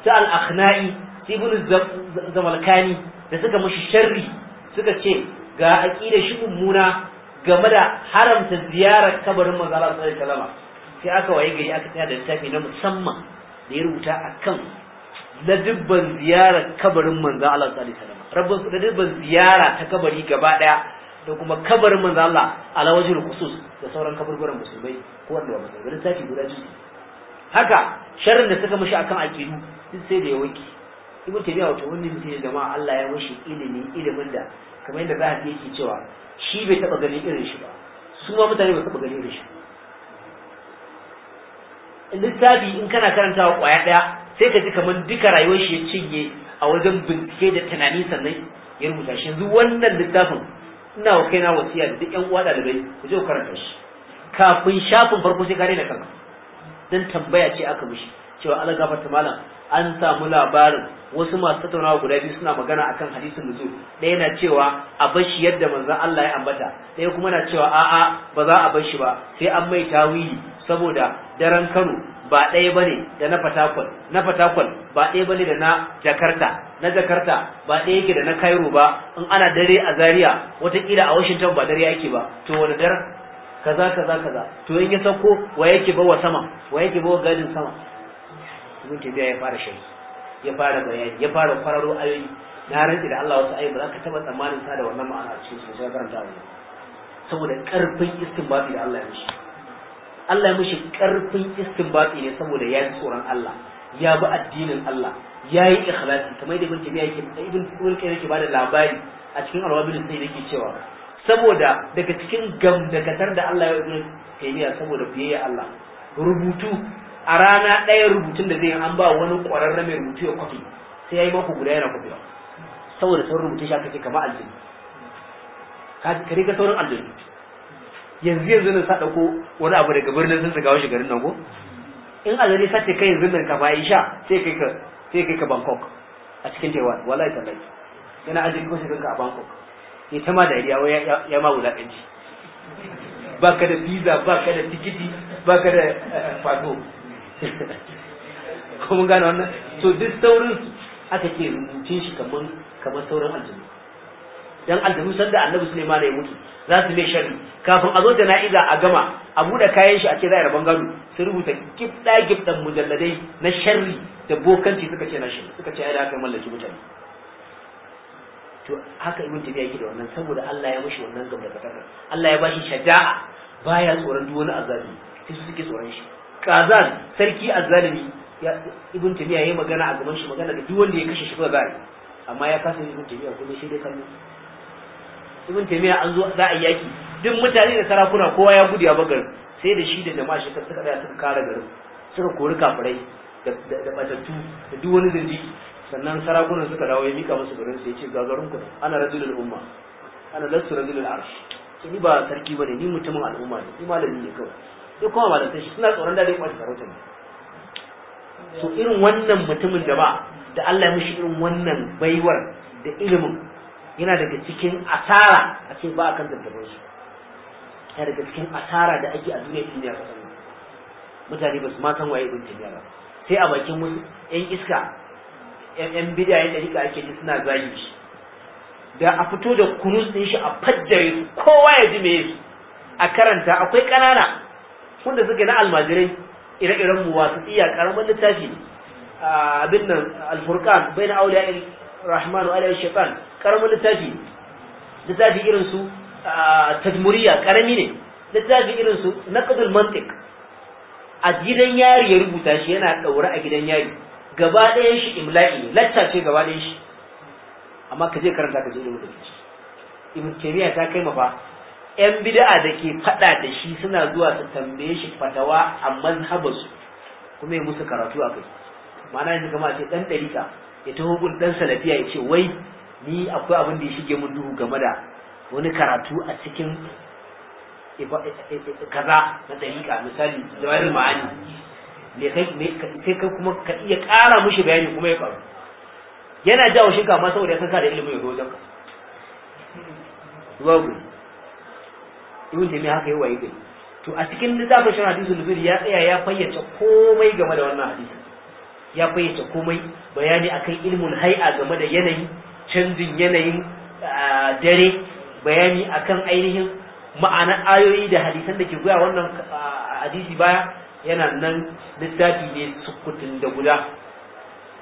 ta al-akhnai ibn zamalkani da suka mishi sharri suka ce ga aqida shi ummuna game da haramta ziyarar kabarin manzo Allah sallallahu alaihi wasallam sai aka waye gari aka tsaya da littafi na musamman da ya rubuta akan ladibban ziyarar kabarin manzo Allah sallallahu alaihi wasallam rabin ladibban ziyara ta kabari gaba daya da kuma kabarin manzo Allah ala wajhul khusus da sauran kaburburan musulmai ko wanda ba musulmai littafi guda jiki haka sharrin da suka mashi akan akidu duk sai da ya wanke ibnu taymiya wato wannan mutum ne jama'a Allah ya mishi ilimi ilimin da kamar yadda zahiri yake cewa shi bai taba ganin irin shi ba su ma mutane ba taba ganin irin shi littafi in kana karantawa kwaya daya sai ka ji kamar duka rayuwar shi ya cinye a wajen bincike da tunani sannan ya rubuta shi yanzu wannan littafin ina wa kaina wasiya da duk yan uwa dalibai ku je ku karanta shi kafin shafin farko sai ka daina kanka dan tambaya ce aka mishi cewa Allah gafarta malam an samu labarin wasu masu tattaunawa guda biyu suna magana akan hadisin nuzul ɗaya na cewa a bar yadda manzon Allah ya ambata ɗaya kuma na cewa a'a ba za a bar shi ba sai an mai tawili saboda daren Kano ba ɗaya bane da na fatakwal na fatakwal ba ɗaya bane da na jakarta na jakarta ba ɗaya yake da na Kairo ba in ana dare a zaria watakila a washington ba dare yake ba to wani dar kaza kaza kaza to in ya sauko wa yake bawa sama wa yake bawa gadin sama ke biya ya fara shari ya fara bayani ya fara fararo ayoyi na rantsi da Allah wasu ayoyi ba za ka taba tsammanin sa da wannan ma'ana a cikin su ya karanta wannan saboda karfin istinbati da Allah ya mishi Allah ya mishi karfin istinbati ne saboda ya ji tsoron Allah ya bi addinin Allah ya yi ikhlasi kamar da ibn tabiya yake ibn ibn kai yake bada labari a cikin alwabil sai yake cewa saboda daga cikin gamdakatar da Allah ya yi ibn tabiya saboda biyayya Allah rubutu a rana ɗaya rubutun da zai an ba wani ƙwararren mai rubutu ya kwafi sai ya yi mako guda yana kwafi saboda sauran rubutun shi aka ce kamar aljini ka riga sauran aljini yanzu yanzu nan sa dauko wani abu daga birnin sun shiga shi garin nan ko in azali sace kai yanzu nan ka bayi sha sai kai ka sai kai ka Bangkok a cikin Taiwan wallahi tallahi yana aje ko sai kanka a Bangkok ya ta ma dariya wai ya ma wulakanci baka da visa baka da tikiti baka da fado eh, ko mun gane wannan to duk saurin aka ke rubutun shi kamar kamar sauran aljanu dan aljanu sanda annabi Sulaiman ya mutu za su mai shari kafin a zo da na'iza a gama a buɗe kayan shi a ce za a rabon gado su rubuta gifɗa gifɗan mujalladai na sharri da bokanci suka ce na shi suka ce ya da mallaki mutane to haka ibn tabiya yake da wannan saboda Allah ya mishi wannan da katakar Allah ya bashi shaja'a baya tsoron duk wani azabi sai su suke tsoron shi kazan sarki azzalimi ibn tabiya yayi magana a gaban shi magana da duk wanda ya kashe shi ba za amma ya kasa ibn tabiya kuma shi dai kallon ibn taymiya an zo za a yaki duk mutane da sarakuna kowa ya gudu ya bagar sai da shi da jama'a shi suka tsaya suka kare garin suka kori kafirai da batattu da duk wani zirji sannan sarakunan suka dawo ya mika musu garin sai ya ce ga garin ku ana rajulul umma ana lasu rajulul arsh to ni ba sarki bane ni mutumin al'umma ne ni malami ne kawai duk kuma malamai shi suna tsoron da zai kwace sarauta ne irin wannan mutumin jama'a da Allah ya mishi irin wannan baiwar da ilimin yana daga cikin asara a ce ba a kan dandaban su yana daga cikin asara da ake a duniyar duniya ta sanar mutane ba su ma san waye ibn taymiya ba sai a bakin wasu yan iska yan bidiya yan dalika ake ji suna zagi shi da a fito da kunus din shi a faddare su kowa ya ji meye su a karanta akwai ƙanana wanda suke na almajirai ire-iren mu wasu iya ƙaramin littafi abin nan alfurkan bai na auliya rahmanu ala shaitan karamin littafi littafi irin su tadmuriya karami ne littafi irin su naqdul mantiq a gidan yari ya rubuta shi yana daure a gidan yari gaba ɗayan shi imla'i ne lacca ce gaba ɗayan shi amma ka je karanta ka je ilimin da shi ibn kemiya ta kai mafa yan bid'a da ke fada da shi suna zuwa su tambaye shi fatawa a mazhabansu kuma ya musu karatu a kai ma'ana yanzu kama ce ɗan ɗarika ya taho gun dan salafiya ya ce wai ni akwai abin da ya shige mun duhu game da wani karatu a cikin kaza na dariƙa misali jawarin ma'ani me kai kai kuma ka iya ƙara mushi bayani kuma ya faru yana jawo shi kama saboda ya kanka da ilimin ya wajen ka zuwa guri ibn taymiya haka yawa yi gari to a cikin littafin shan hadisul nuzuri ya tsaya ya fayyace komai game da wannan hadisin ya fayyace komai bayani akan ilmun hai'a game da yanayi canjin yanayin ah, dare bayani akan ainihin ma'ana ayoyi da hadisan da ke goya wannan ah, hadisi baya yana nan littafi ne sukutun da guda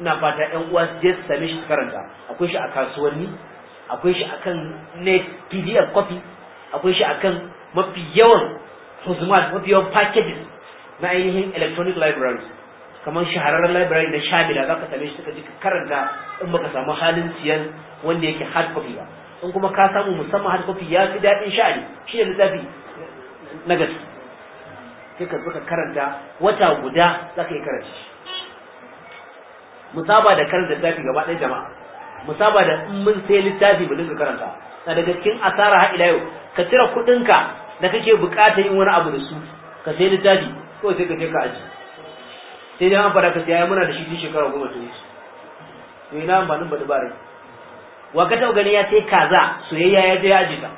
ina fata yan uwa su je su same shi karanta akwai shi a kasuwanni akwai shi akan net pdf copy akwai shi akan mafi yawan huzuma mafi yawan packages na ainihin electronic libraries kamar shahararren library na shamila za ka same shi suka ji karanta in baka samu halin siyan wanda yake hard copy ba in kuma ka samu musamman hard copy ya fi daɗin sha'ani shi ne littafi na gaske sai ka zuka karanta wata guda za ka yi karanta shi musaba da karanta littafi gaba ɗaya jama'a musaba da in mun sai littafi mu dinga karanta na daga cikin asara har ila yau ka cire kuɗinka da kake buƙatar yin wani abu da su ka sai littafi ko sai ka je ka aji sai dai an faɗa ka sai muna da shi tun shekara goma ta wuce to na amfanin ba dubare wa ka taɓa gani ya sai kaza soyayya ya je ya aje ka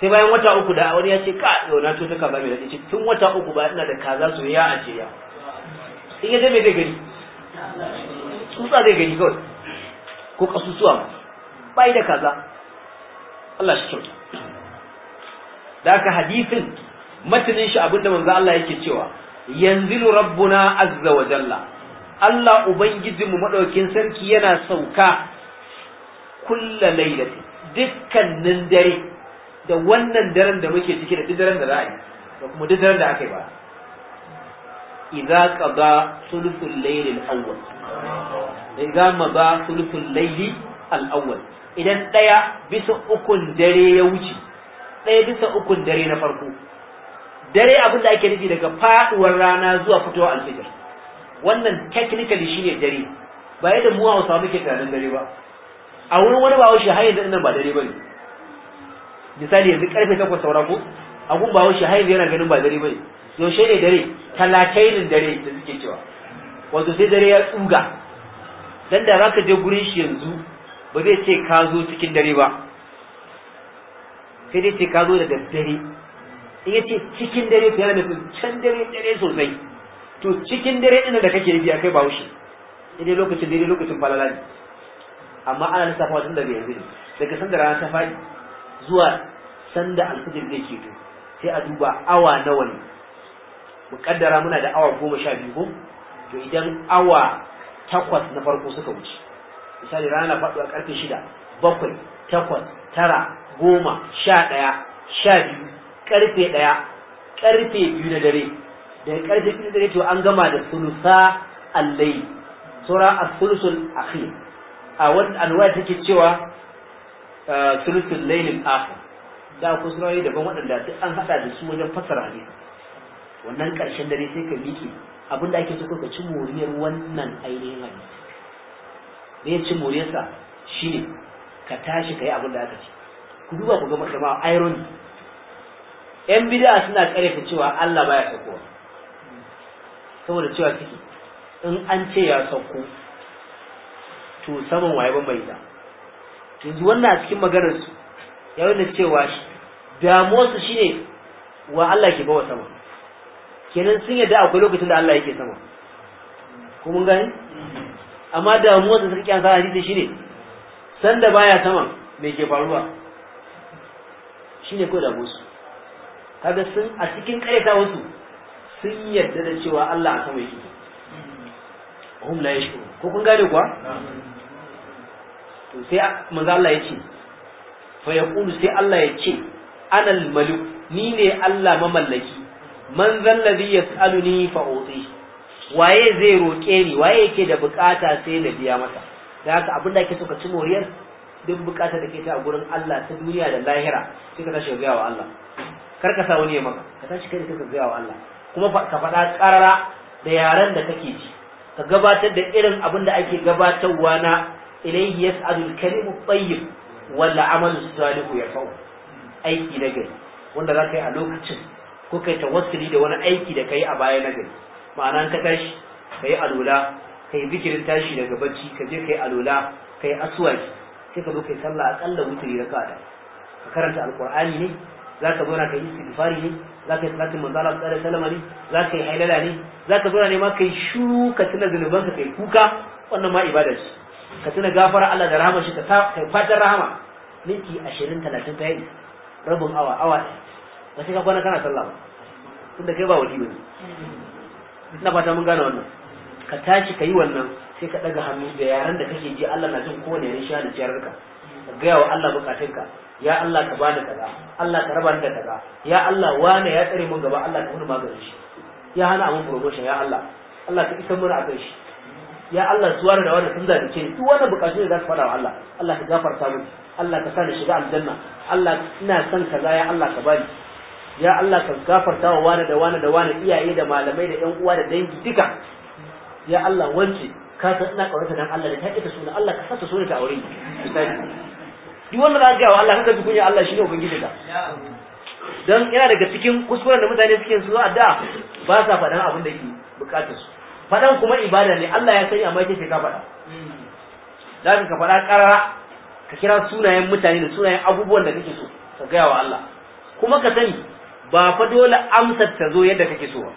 sai bayan wata uku da wani ya ce ka yau na tota kaza mai ce tun wata uku ba ina da kaza soyayya a ce ya in ya mai zai gani tsutsa zai gani kawai ko kasusuwa ma yi da kaza Allah shi kyauta da haka hadisin matanin shi abinda manzo Allah yake cewa yanzu rabbuna azza wa jalla Allah ubangijinmu madaukin sarki yana sauka kulla lailatin dukkanin dare da wannan daren da muke ciki da duk daren da za a yi da kuma duk daren da aka yi ba idza qada thuluthul layl al-awwal idza mada thuluthul layl al-awwal idan daya bisa ukun dare ya wuce daya bisa ukun dare na farko dare abin da ake nufi daga faduwar rana zuwa fitowar alfijir wannan technically shine dare ba yadda mu Hausa muke tunanin dare ba a wurin wani bawo shi har dinnan nan ba dare bane misali yanzu karfe 8 saura ko a gun bawo shi har yana ganin ba dare bane yaushe ne dare talatainin dare da suke cewa wato sai dare ya tsuga dan da zaka je gurin shi yanzu ba zai ce ka zo cikin dare ba sai dai ce ka zo da daddare in ce cikin dare ta yana sun can dare dare sosai to cikin dare ina da kake biya kai bahaushe ina lokacin dare lokacin falala ne amma ana safa tun daga yanzu ne daga sanda rana ta zuwa sanda alfajir zai to sai a duba awa nawa ne mu kaddara muna da awa goma sha biyu ko to idan awa takwas na farko suka wuce misali rana na faɗuwa karfe shida bakwai takwas tara goma sha ɗaya sha biyu karfe ɗaya karfe biyu na dare daga karfe biyu na dare to an gama da sulusa allai sauran sulusul akhir a wani anwaya take cewa uh, sulusul lailin akhir da ku sunayi daban waɗanda duk an haɗa da su wajen fassara ne wannan ƙarshen dare sai ka miƙe abin da ake so ka ci moriyar wannan ainihin hadisi da ya ci moriyarsa shine ka tashi ka yi abin da aka ce ku duba ku ga jama'a irony yan bid'a suna ta cewa Allah baya saukowa saboda cewa suke in an ce ya sauko to saman waye ba mai da yanzu wannan a cikin maganarsu ya wanda cewa damuwarsu su shine wa Allah ke bawa sama kenan sun yadda akwai lokacin da Allah yake sama kuma mun gani amma damuwar da sana yanzu shi shine sanda baya sama mai ke faruwa shine ko da musu kaga sun a cikin ƙareta wasu sun yarda da cewa Allah a sama yake hum la yashku ko kun gane kuwa to sai manzo Allah ya ce fa yaqulu sai Allah ya ce ana al maluk ni ne Allah mamallaki man ladhi yas'aluni fa uti waye zai roke ni waye yake da bukata sai na biya masa dan haka abinda da ake so ka ci moriyar duk bukatar da ke ta a gurin Allah ta duniya da lahira sai ka tashi ga wa Allah kar ka sa wani ya maka ka tashi kai da kanka gaya Allah kuma ka faɗa ƙarara da yaren da kake ji ka gabatar da irin abin da ake gabatarwa na ilayhi yas'alul kalimu tayyib wal amalu salihu fa'u aiki na gari wanda za ka yi a lokacin ko kai tawassuli da wani aiki da kai a baya na gari ma'ana ka tashi ka yi alula ka bikirin tashi daga bacci ka je ka yi alula ka yi aswaki sai ka zo kai sallah aƙalla wuturi raka'a ka karanta alqur'ani ne za ka zauna ka yi istighfari ne za ka yi salatin manzo Allah sallallahu alaihi wasallam ne za ka yi halala ne za ka zauna ne ma kai shuru ka tuna zanuban ka kai kuka wannan ma ibada ce ka tuna gafara Allah da rahama shi ka kai fatan rahama minti 20 30 ta yi rabin awa awa ba sai ka kwana kana sallah ba tunda kai ba wadi ba ina fata mun gane wannan ka tashi ka yi wannan sai ka daga hannu da yaran da kake ji Allah na jin kowane yaran shi da ciyar ka ga wa Allah bukatunka ya Allah ka bani kaza Allah ka raba ni da kaza ya Allah wane ya tsare mun gaba Allah ka mun maganin shi ya hana mun promotion ya Allah Allah ka isar mun akan shi ya Allah suwar da wani sun zalunce ni duk wani bukatu da za ka fada wa Allah Allah ka gafarta mun Allah ka sa ni shiga aljanna Allah ina son kaza ya Allah ka bani ya Allah ka gafarta wa wani da wani da wani iyaye da malamai da ƴan uwa da dangi duka ya Allah wance ka san ina kaurata dan Allah da ta ita suna Allah ka sa ta suna ta aure misali duk wanda za ka gaya wa Allah kanka ji kunya Allah shine ubangiji ka dan yana daga cikin kuskuren da mutane suke su addu'a ba sa faɗan abin da yake bukatar su faɗan kuma ibada ne Allah ya sani amma yake ka faɗa za ka faɗa ƙarara ka kira sunayen mutane da sunayen abubuwan da kake so ka gaya wa Allah kuma ka sani ba fa dole amsar ta zo yadda kake so ba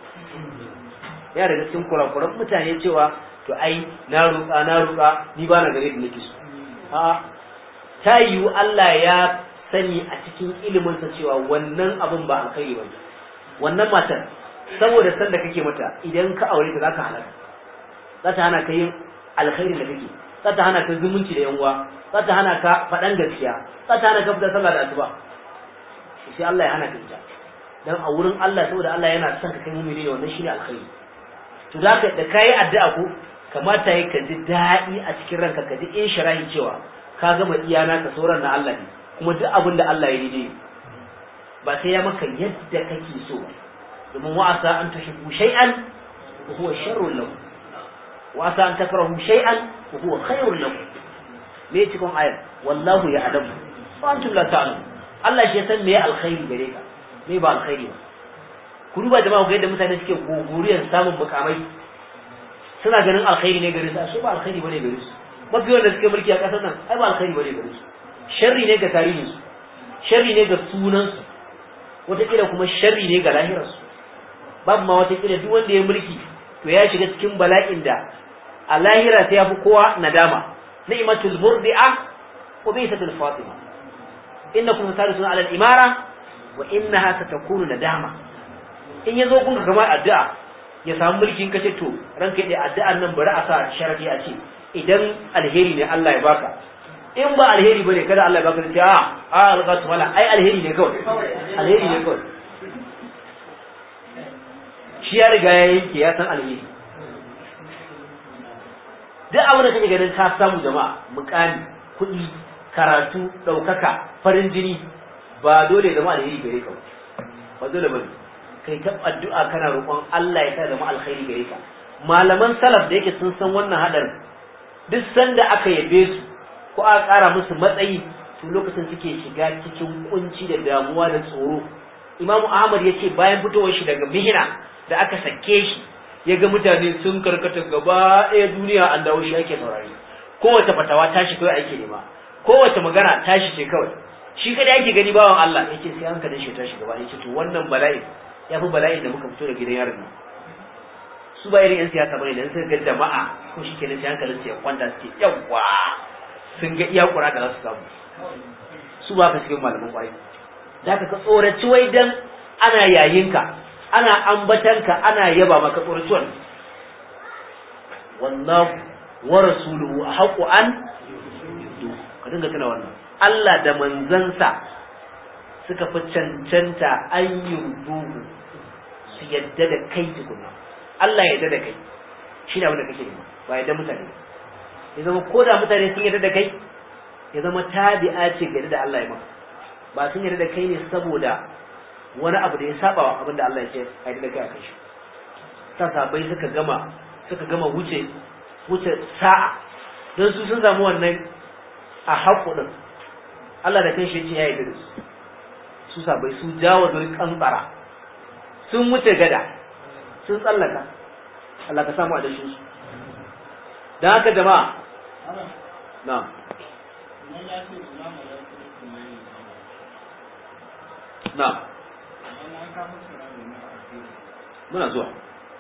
yana daga cikin kurakuran mutane cewa to ai na ruka na ruka ni ba na gare da nake so ta yiwu Allah ya sani a cikin sa cewa wannan abin ba kai ba wannan matar saboda san da kake mata idan ka aure ta zaka halaka za ta hana ka yin alkhairi da kake za ta hana ka zumunci da yanwa za ta hana ka faɗan gaskiya za ta hana ka fitar sallah da asuba sai Allah ya hana ka ita dan a wurin Allah saboda Allah yana son ka kai mu'mini ne wannan shine alkhairi to da ka da kai addu'a ko kamata yake ka ji daɗi a cikin ranka ka ji in sharahi cewa ka gama iya ka sauran na Allah ne kuma duk abin da Allah ya yi dai ba sai ya maka yadda kake so ba domin wa'asa an tuhibbu shay'an wa huwa sharrun lakum wa'asa an takrahu shay'an wa huwa khairun lakum me cikin ayat wallahu ya adam wa antum la ta'lamun Allah shi ya san me alkhairi gare ka me ba alkhairi ba ku duba jama'a ga yadda mutane suke gogoriyar samun mukamai suna ganin alkhairi ne gare su su ba alkhairi bane gare su mafi wanda suke mulki a ƙasar nan ai ba alkhairi bane gare sharri ne ga tarihin su sharri ne ga sunan su Wataƙila kuma sharri ne ga lahirar su babu ma wataƙila duk wanda ya mulki to ya shiga cikin bala'in da a lahira sai ya fi kowa nadama ni'matul murdi'a wa bi'satul fatima innakum suna ala al-imara wa innaha satakunu nadama in yazo kun kamar addu'a ya samu mulkin kace to ranka dai addu'ar nan bari a sa sharadi a ce idan alheri ne Allah ya baka in ba alheri bane kada Allah ya baka ce a a alqatu wala ai alheri ne kawai alheri ne kawai shi ya riga ya yanke ya san alheri duk abin da kake ganin ka samu jama'a mukami kuɗi karatu ɗaukaka farin jini ba dole zama alheri gare ka ba dole bane kai ta addu'a kana roƙon Allah ya sa zama alheri gare ka malaman salaf da yake sun san wannan hadarin duk sanda aka yabe su ko aka kara musu matsayi to lokacin suke shiga cikin kunci da damuwa da tsoro imamu ahmad ya ce bayan fitowar shi daga mihina da aka sake shi ya ga mutane sun karkata gaba ɗaya duniya an dawo shi ake saurari kowace fatawa tashi kawai ake nema kowace magana tashi ce kawai shi kada ake gani bawan Allah yake sai kada shi tashi gaba yake to wannan bala'in ya fi bala'in da muka fito da gidan yaron su ba irin yan siyasa bane da sun ga jama'a ko shi kenan sai hankalin su ya kwanta suke yawa sun ga iya kura da su samu su ba ka cikin malaman kwari da ka tsoraci wai dan ana yayinka ana ambatanka ana yaba maka tsoraci wannan wallahu wa rasuluhu ahqqu an ka dinga tana wannan Allah da manzansa suka fi cancanta an yi su yadda da kai tukuna Allah ya yarda da kai shi ne abin da kake nema ba da mutane ya zama ko da mutane sun yarda da kai ya zama tabi'a ce ga da Allah ya maka ba sun yarda da kai ne saboda wani abu da ya saba wa abin da Allah ya ce a yarda da kai a kai shi ta sabai suka gama suka gama wuce wuce sa'a don su sun samu wannan a haƙuɗin Allah da kanshi ya ce ya yarda da su su sabai su jawo da kantsara sun wuce gada sun tsallaka Allah ka samu a da shi don haka jama'a na na muna zuwa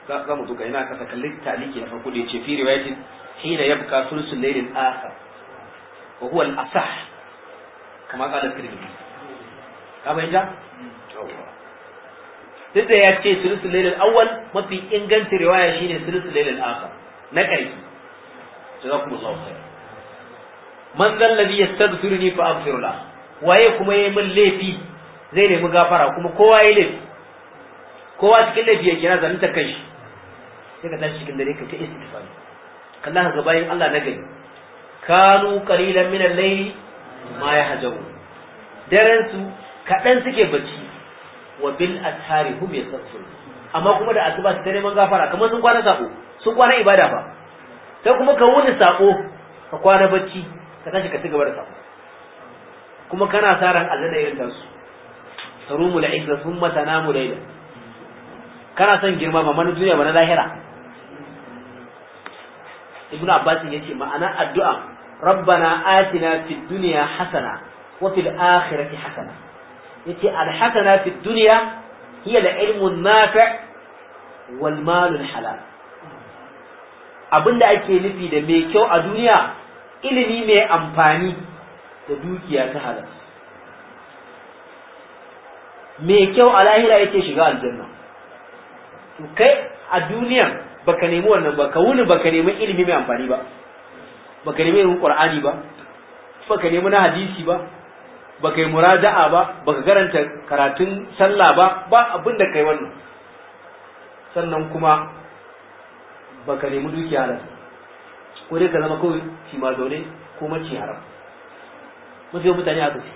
za mu tuka yana kasa kallon taliki na farko da ya ce fi riwayatin hina yabka sulsul lairin asa wa huwa al-asah kama qala tirmidhi ka bayyana duk da ya ce sulusul lailal awwal mafi inganci riwaya shine sulusul lailal akhir na ƙarfi jazakumullahu khair man zal ladhi yastaghfiruni fa aghfiru la waye kuma yayi min laifi zai nemi gafara kuma kowa yayi laifi kowa cikin laifi ya kira zalunta kai shi sai ka tashi cikin dare ka ta istighfar kallan ga bayin Allah na gani. kanu qalilan min al-layli ma yahjabu daren su kadan suke bacci wa bil athari hum yastaghfirun amma kuma da asuba sai ta neman gafara kamar sun kwana sako sun kwana ibada ba sai kuma ka wuni sako ka kwana bacci ka tashi ka ci gaba da sako kuma kana sa ran Allah da irin su tarumul izza thumma tanamu layla kana son girma ba mana duniya ba na lahira ibnu abbas ya ce ma'ana addu'a rabbana atina fid dunya hasana wa fil akhirati hasana yace alhasana fi dunya hiya al-ilmun nafi' wal malul halal abinda ake nufi da mai kyau a duniya ilimi mai amfani da dukiya ta halal mai kyau a lahira yake shiga aljanna to kai a duniya baka nemi wannan ba ka wuni baka nemi ilimi mai amfani ba baka nemi qur'ani ba baka nemi na hadisi ba baka yi murada'a ba baka karanta karatun sallah ba ba abin da kai wannan sannan kuma baka nemi dukiya da ko dai ka zama kawai ci ma zaune ko mace haram mafi mutane aka ce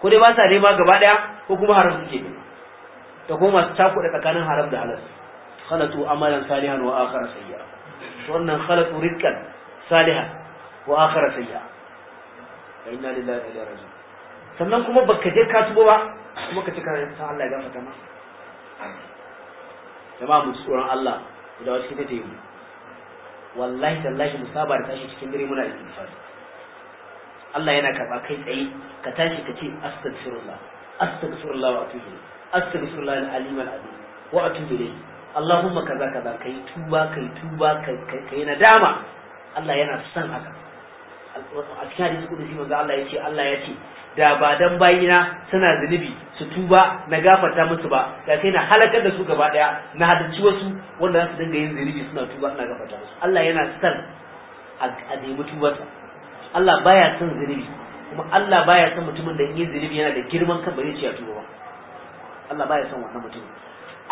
ko dai ba sa nema gaba daya ko kuma haram suke nema ta koma masu da tsakanin haram da halal khalatu amalan salihan wa akhara sayya wannan khalatu rizqan salihan wa akhara sayya inna lillahi wa inna ilaihi raji'un sannan kuma baka je ka tubo ba kuma ka cika da ta Allah ya gafarta ma jama'a mu tsoron Allah da wasu kita ta yi wallahi tallahi mu saba da tashi cikin dare muna istighfar Allah yana karba kai tsaye ka tashi ka ce astaghfirullah astaghfirullah wa atubu astaghfirullah al-alim al adil wa atubu ilayhi Allahumma kaza kaza kai tuba kai tuba kai nadama Allah yana son haka a cikin hadisi shi manzo Allah yace Allah ya ce da ba dan bayina suna zunubi su tuba na gafarta musu ba da kai na halakar da su gaba daya na halarci wasu wanda za su dinga yin zunubi suna tuba suna gafarta musu Allah yana son a nemi tubarsa Allah baya son zunubi kuma Allah baya son mutumin da yin zunubi yana da girman kan ba zai ci ya tuba ba Allah baya son wannan mutumin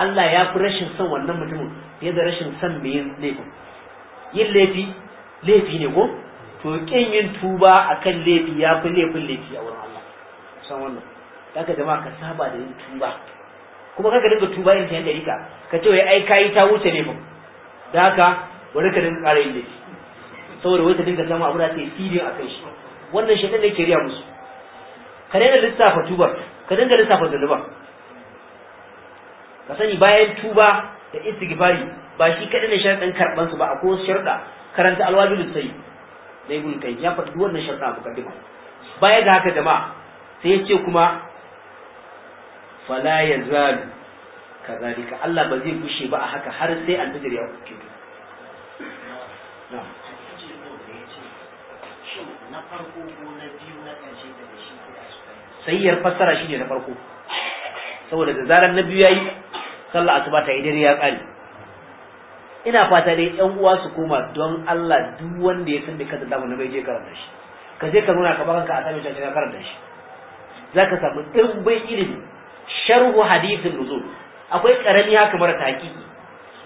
Allah ya fi rashin son wannan mutumin fiye da rashin son mai yin laifin yin laifi laifi ne ko to kin yin tuba akan laifi ya fi laifin laifi a wurin kan wannan kaga jama'a ka saba da yin tuba kuma kaga dinga tuba yin tayin dalika ka ce wai ai kai ta wuce ne mu da haka bari ka dinga ƙara yin dake saboda wai ta dinga zama abu da ta yi filin akan shi wannan shi ne ke riya musu ka daina lissafa tuba ka dinga lissafa zunuba ka sani bayan tuba da istighfari ba shi kadai ne sharadin karban su ba akwai wasu sharuɗa karanta alwajibul sai da ibn kai ya faɗi wannan sharuɗa a mukaddima baya ga haka jama'a sai ya ce kuma fala ya zalu kazalika Allah ba zai gushe ba a haka har sai an tajir ya kuke sayyar fassara shine na farko saboda da zarar na biyu yayi sallah asuba ta idan ya kare ina fata dai yan uwa su koma don Allah duk wanda ya san da kada da na bai je karanta shi ka je ka nuna ka bakanka a sami shi karanta shi zaka samu dimbin ilimi sharhu hadithin nuzul akwai karami haka mara tahqiqi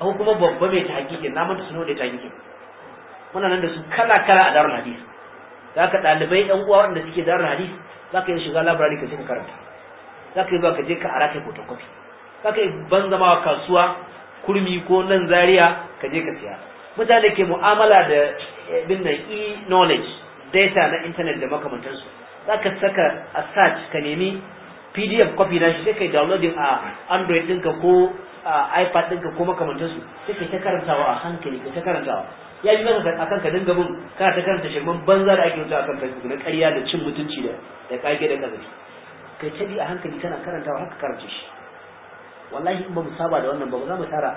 akwai kuma babba mai tahqiqi na manta suno da tahqiqi muna nan da su kala kala a darul hadith zaka dalibai ɗan uwa wanda suke darul hadith zaka yi shiga library ka je ka karanta zaka yi ba ka je ka ara kai photocopy zaka yi ban zama kasuwa kurmi ko nan zaria ka je ka siya mutane ke mu'amala da eh, bin e knowledge data na internet da makamantansu za ka saka a search ka nemi pdf copy na shi sai kai downloading a android dinka ko a ipad dinka ko makamantansu sai kai ta karantawa a hankali ka ta karantawa ya yi zaka a kanka dinga bin kana ta karanta shirman banza da ake wuta a kanka na ƙarya da cin mutunci da da kage da kazafi kai ta bi a hankali kana karantawa haka karanta shi wallahi in ba mu saba da wannan ba za mu tara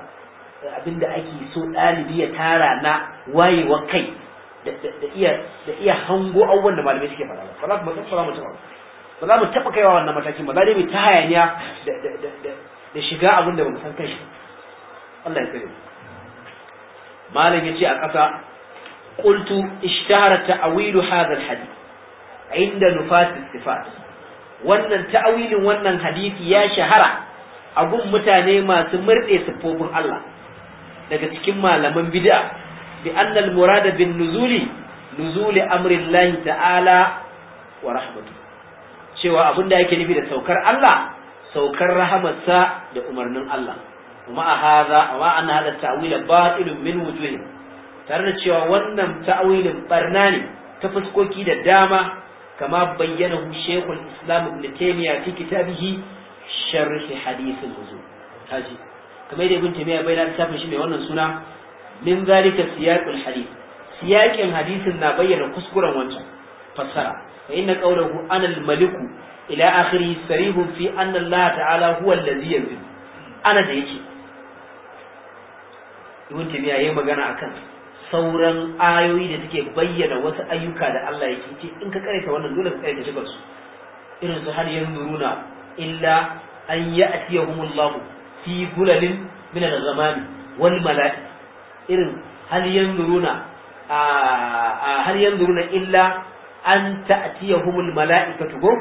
abinda ake so ɗalibi ya tara na wayewa kai da iya da iya hango abubuwan da malamai suke faɗa ba za mu ba mu taɓa ba za mu taɓa kaiwa wannan matakin ba za dai mu ta hayaniya da da da shiga abin da ba mu san kai Allah ya kare malam yace a ƙasa qultu ishtara ta'wil hadha alhadith inda nufat istifat wannan ta'wilin wannan hadisi ya shahara a gun mutane masu murɗe siffofin Allah daga cikin malaman bid'a bi annal murada bin nuzuli nuzuli amrillahi ta'ala wa rahmatu cewa abin da yake nufi da saukar Allah saukar rahamarsa da umarnin Allah kuma a haza amma an hada ta'wila batilun min wujuhi tare da cewa wannan ta'wilin barna ne ta fuskoki da dama kama bayyana hu shaykhul islam ibn taymiya fi kitabihi sharh hadith al-huzur haji kamar da ibn taymiya bayyana littafin shi mai wannan suna min zalika siyaqul hadith siyaqin hadisin na bayyana kuskuren wancan fassara fa inna qawluhu ana al-maliku ila akhirih sarihu fi anna Allah ta'ala huwa alladhi yanzil ana da yake ibn tabiya yayi magana akan sauran ayoyi da suke bayyana wasu ayyuka da Allah yake ce in ka karanta wannan dole ka karanta shigar su irin su hal yanzuruna illa an ya'tiyahumullahu fi gulalin min al zamani wal mala'ik irin hal yanzuruna a hal yanzuruna illa an humul mala'ikatu go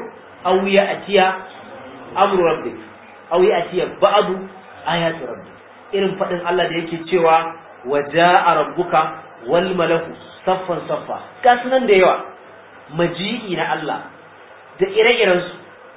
aw ya'tiya amru rabbik aw ya'tiya ba'du ayatu rabbik irin fadin Allah da yake cewa waja'a rabbuka wal malaku saffan saffa kasnan da yawa maji'i na Allah da ire-iren su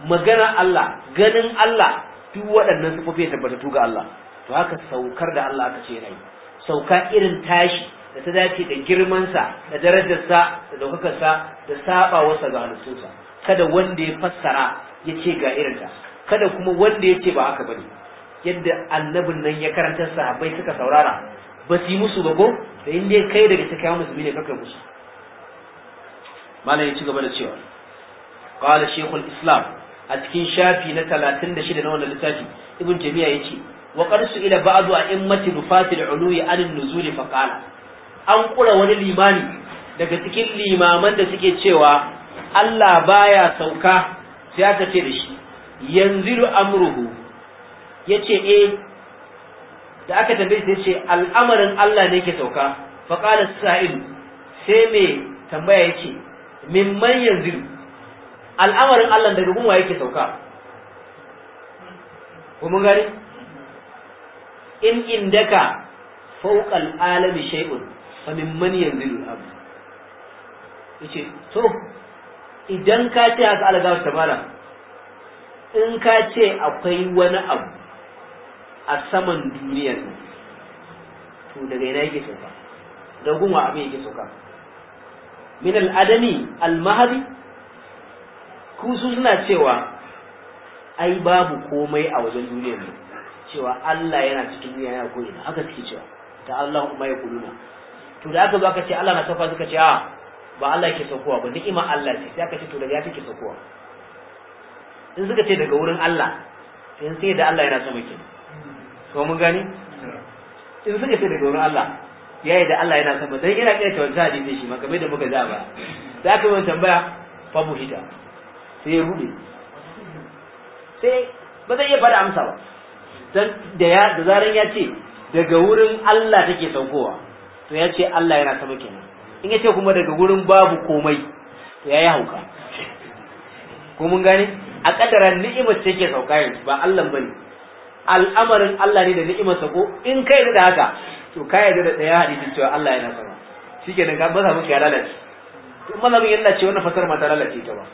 magana Allah ganin Allah duk waɗannan sufofi tabbatattu ga Allah to haka saukar da Allah aka ce yana yi sauka irin tashi da ta dace da girmansa da darajarsa da daukakarsa da saba wasa ga halittunsa kada wanda ya fassara ya ce ga irinta kada kuma wanda ya ce ba haka bane yadda annabin nan ya karantar sahabbai suka saurara ba su yi musu ba ko da inda kai daga cikin musulmi ne kaka musu malam ya ci gaba da cewa qala shaykhul islam a cikin shafi na 36 na wannan littafi ibn jami'a yace wa qad su'ila ba'du a'immati rufatil ulwi an nuzuli fa qala an kura wani limani daga cikin limaman da suke cewa Allah baya sauka sai aka ce da shi yanzilu amruhu yace eh da aka tambaye sai ce al'amarin Allah ne yake sauka fa qala sa'il sai me tambaya min mimman yanzilu al'amarin Allah daga kuma yake sauka ko mun gani in indaka fawqa alami shay'un fa man yanzilu al-amr yace to idan ka ce haka algawa tabara in ka ce akwai wani abu a saman duniyar to daga ina yake sauka da gunwa abu yake sauka min al'adami al-mahadi ku suna cewa ai babu komai a wajen duniyar nan cewa Allah yana cikin duniya koyi, na haka suke cewa ta Allah kuma ya kuluna to da aka zo aka ce Allah na sauka suka ce a ah, ba Allah yake saukowa ba ni'ima Allah ce sai aka ce to daga ya take saukowa in suka ce daga wurin Allah in sai da Allah yana sama ke to mun gani in suka ce daga wurin Allah yayi da Allah yana sama dan ina kai tawanta hadisi shi maka bai da muka za ba da aka yi tambaya fa buhita sai ya rude sai ba zai iya bada amsa ba dan da ya da zaran ya ce daga wurin Allah take saukowa to ya ce Allah yana sama kenan in ya ce kuma daga wurin babu komai to ya yi hauka ko mun gane a kadara ni'imar ce ke sauka yanzu ba Allah bane al'amarin Allah ne da ni'imar sa ko in kai da haka to kai da da daya hadisi cewa Allah yana sama shikenan ga ba za mu kiyala lalace to malamin yana ce wannan fasar ma ta lalace ta ba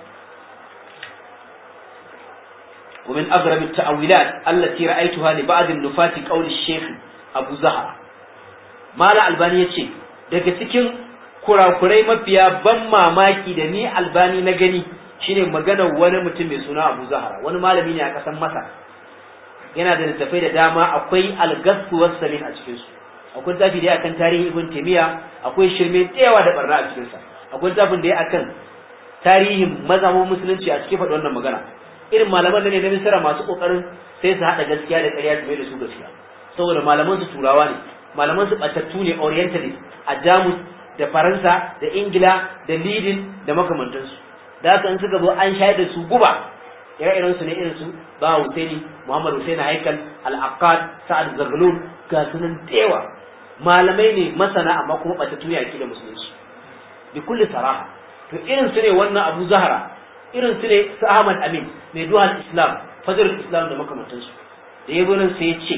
ومن أغرب التأويلات التي رأيتها لبعض النفاة قول الشيخ أبو زهرة Malam Albani ya ce daga cikin kurakurai mafiya ban mamaki da ni albani na gani shine maganar wani mutum mai suna abu zahara wani malami ne a ƙasar masar yana da littattafai da dama akwai algasku wasamin a cikinsu akwai zafi da akan tarihi ibn taymiya akwai shirme tsayawa da barra a cikinsa akwai zafin da akan tarihin mazhabin musulunci a ciki faɗi wannan magana irin malaman da ne na misira masu ƙoƙarin sai su haɗa gaskiya da ƙarya su da su gaskiya saboda malaman su turawa ne malaman su ɓatattu ne orientalist a jamus da faransa da ingila da lidin da makamantansu da haka in suka zo an shaida da su guba ire su ne irin su ba Husaini Muhammad hussaini Haikal Al-Aqad Sa'ad Zaglul ga sunan tewa malamai ne masana amma kuma ɓatattu ne a da musulunci bi kulli saraha to irin su ne wannan Abu Zahra irin su ne su Ahmad Amin mai duhan Islam fadar Islam da makamantansu da ya gurin sai ya ce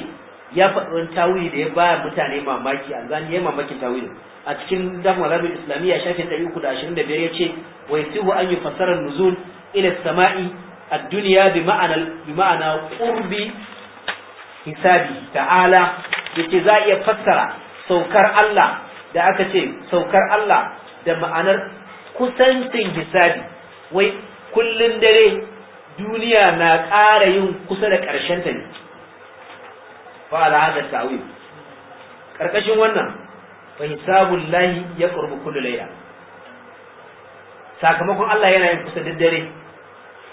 ya faɗi wani tawili da ya ba mutane mamaki a zane ya mamakin tawili a cikin damar rabin islamiyya shafin ɗari uku da ashirin da biyar ya ce wa an yi fasarar nuzul ila sama'i a duniya bi ma'ana ƙurbi hisabi ta'ala da ce za a iya fassara saukar Allah da aka ce saukar Allah da ma'anar kusancin hisabi wai kullum dare duniya na ƙara yin kusa da ƙarshen ta ne fa al'adar ta'wil karkashin wannan fa hisabul lahi ya qurbu kullu layla sakamakon Allah yana yin kusa da dare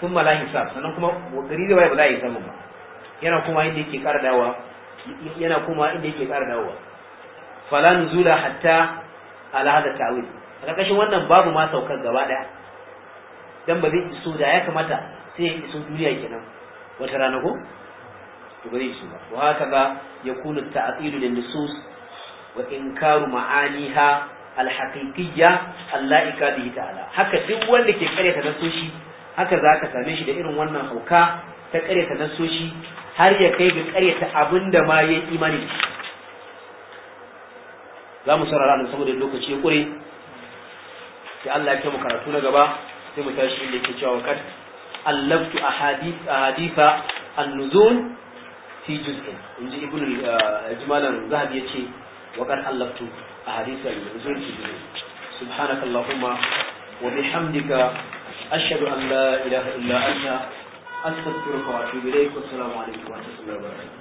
sun mala sa sannan kuma gari da bai bala sa ba yana kuma inda yake ƙara dawowa yana kuma inda yake ƙara dawowa falan zula hatta ala hada ta'wil karkashin wannan babu ma saukar gaba daya dan ba zai iso da ya kamata sai ya iso duniya kenan wata rana ko to ba zai iso ba wa haka ya yakunu ta'tilu lin nusus wa inkaru ma'aniha alhaqiqiyya allaika bihi ta'ala haka duk wanda ke karyata nasoshi haka zaka same shi da irin wannan hauka ta karyata nasoshi har ya kai ga karyata abinda ma ya imani za mu sarara nan saboda lokaci ya kure sai Allah ya kai mu karatu na gaba sai mu tashi inda yake cewa kad allaftu ahadith an-nuzul fi juz'in inji eh, jimalan yace wa kad allaftu ahadith an-nuzul fi juz'in subhanaka allahumma wa bihamdika ashhadu an la ilaha illa anta astaghfiruka wa atubu ilayk wa assalamu alaykum wa rahmatullahi wa barakatuh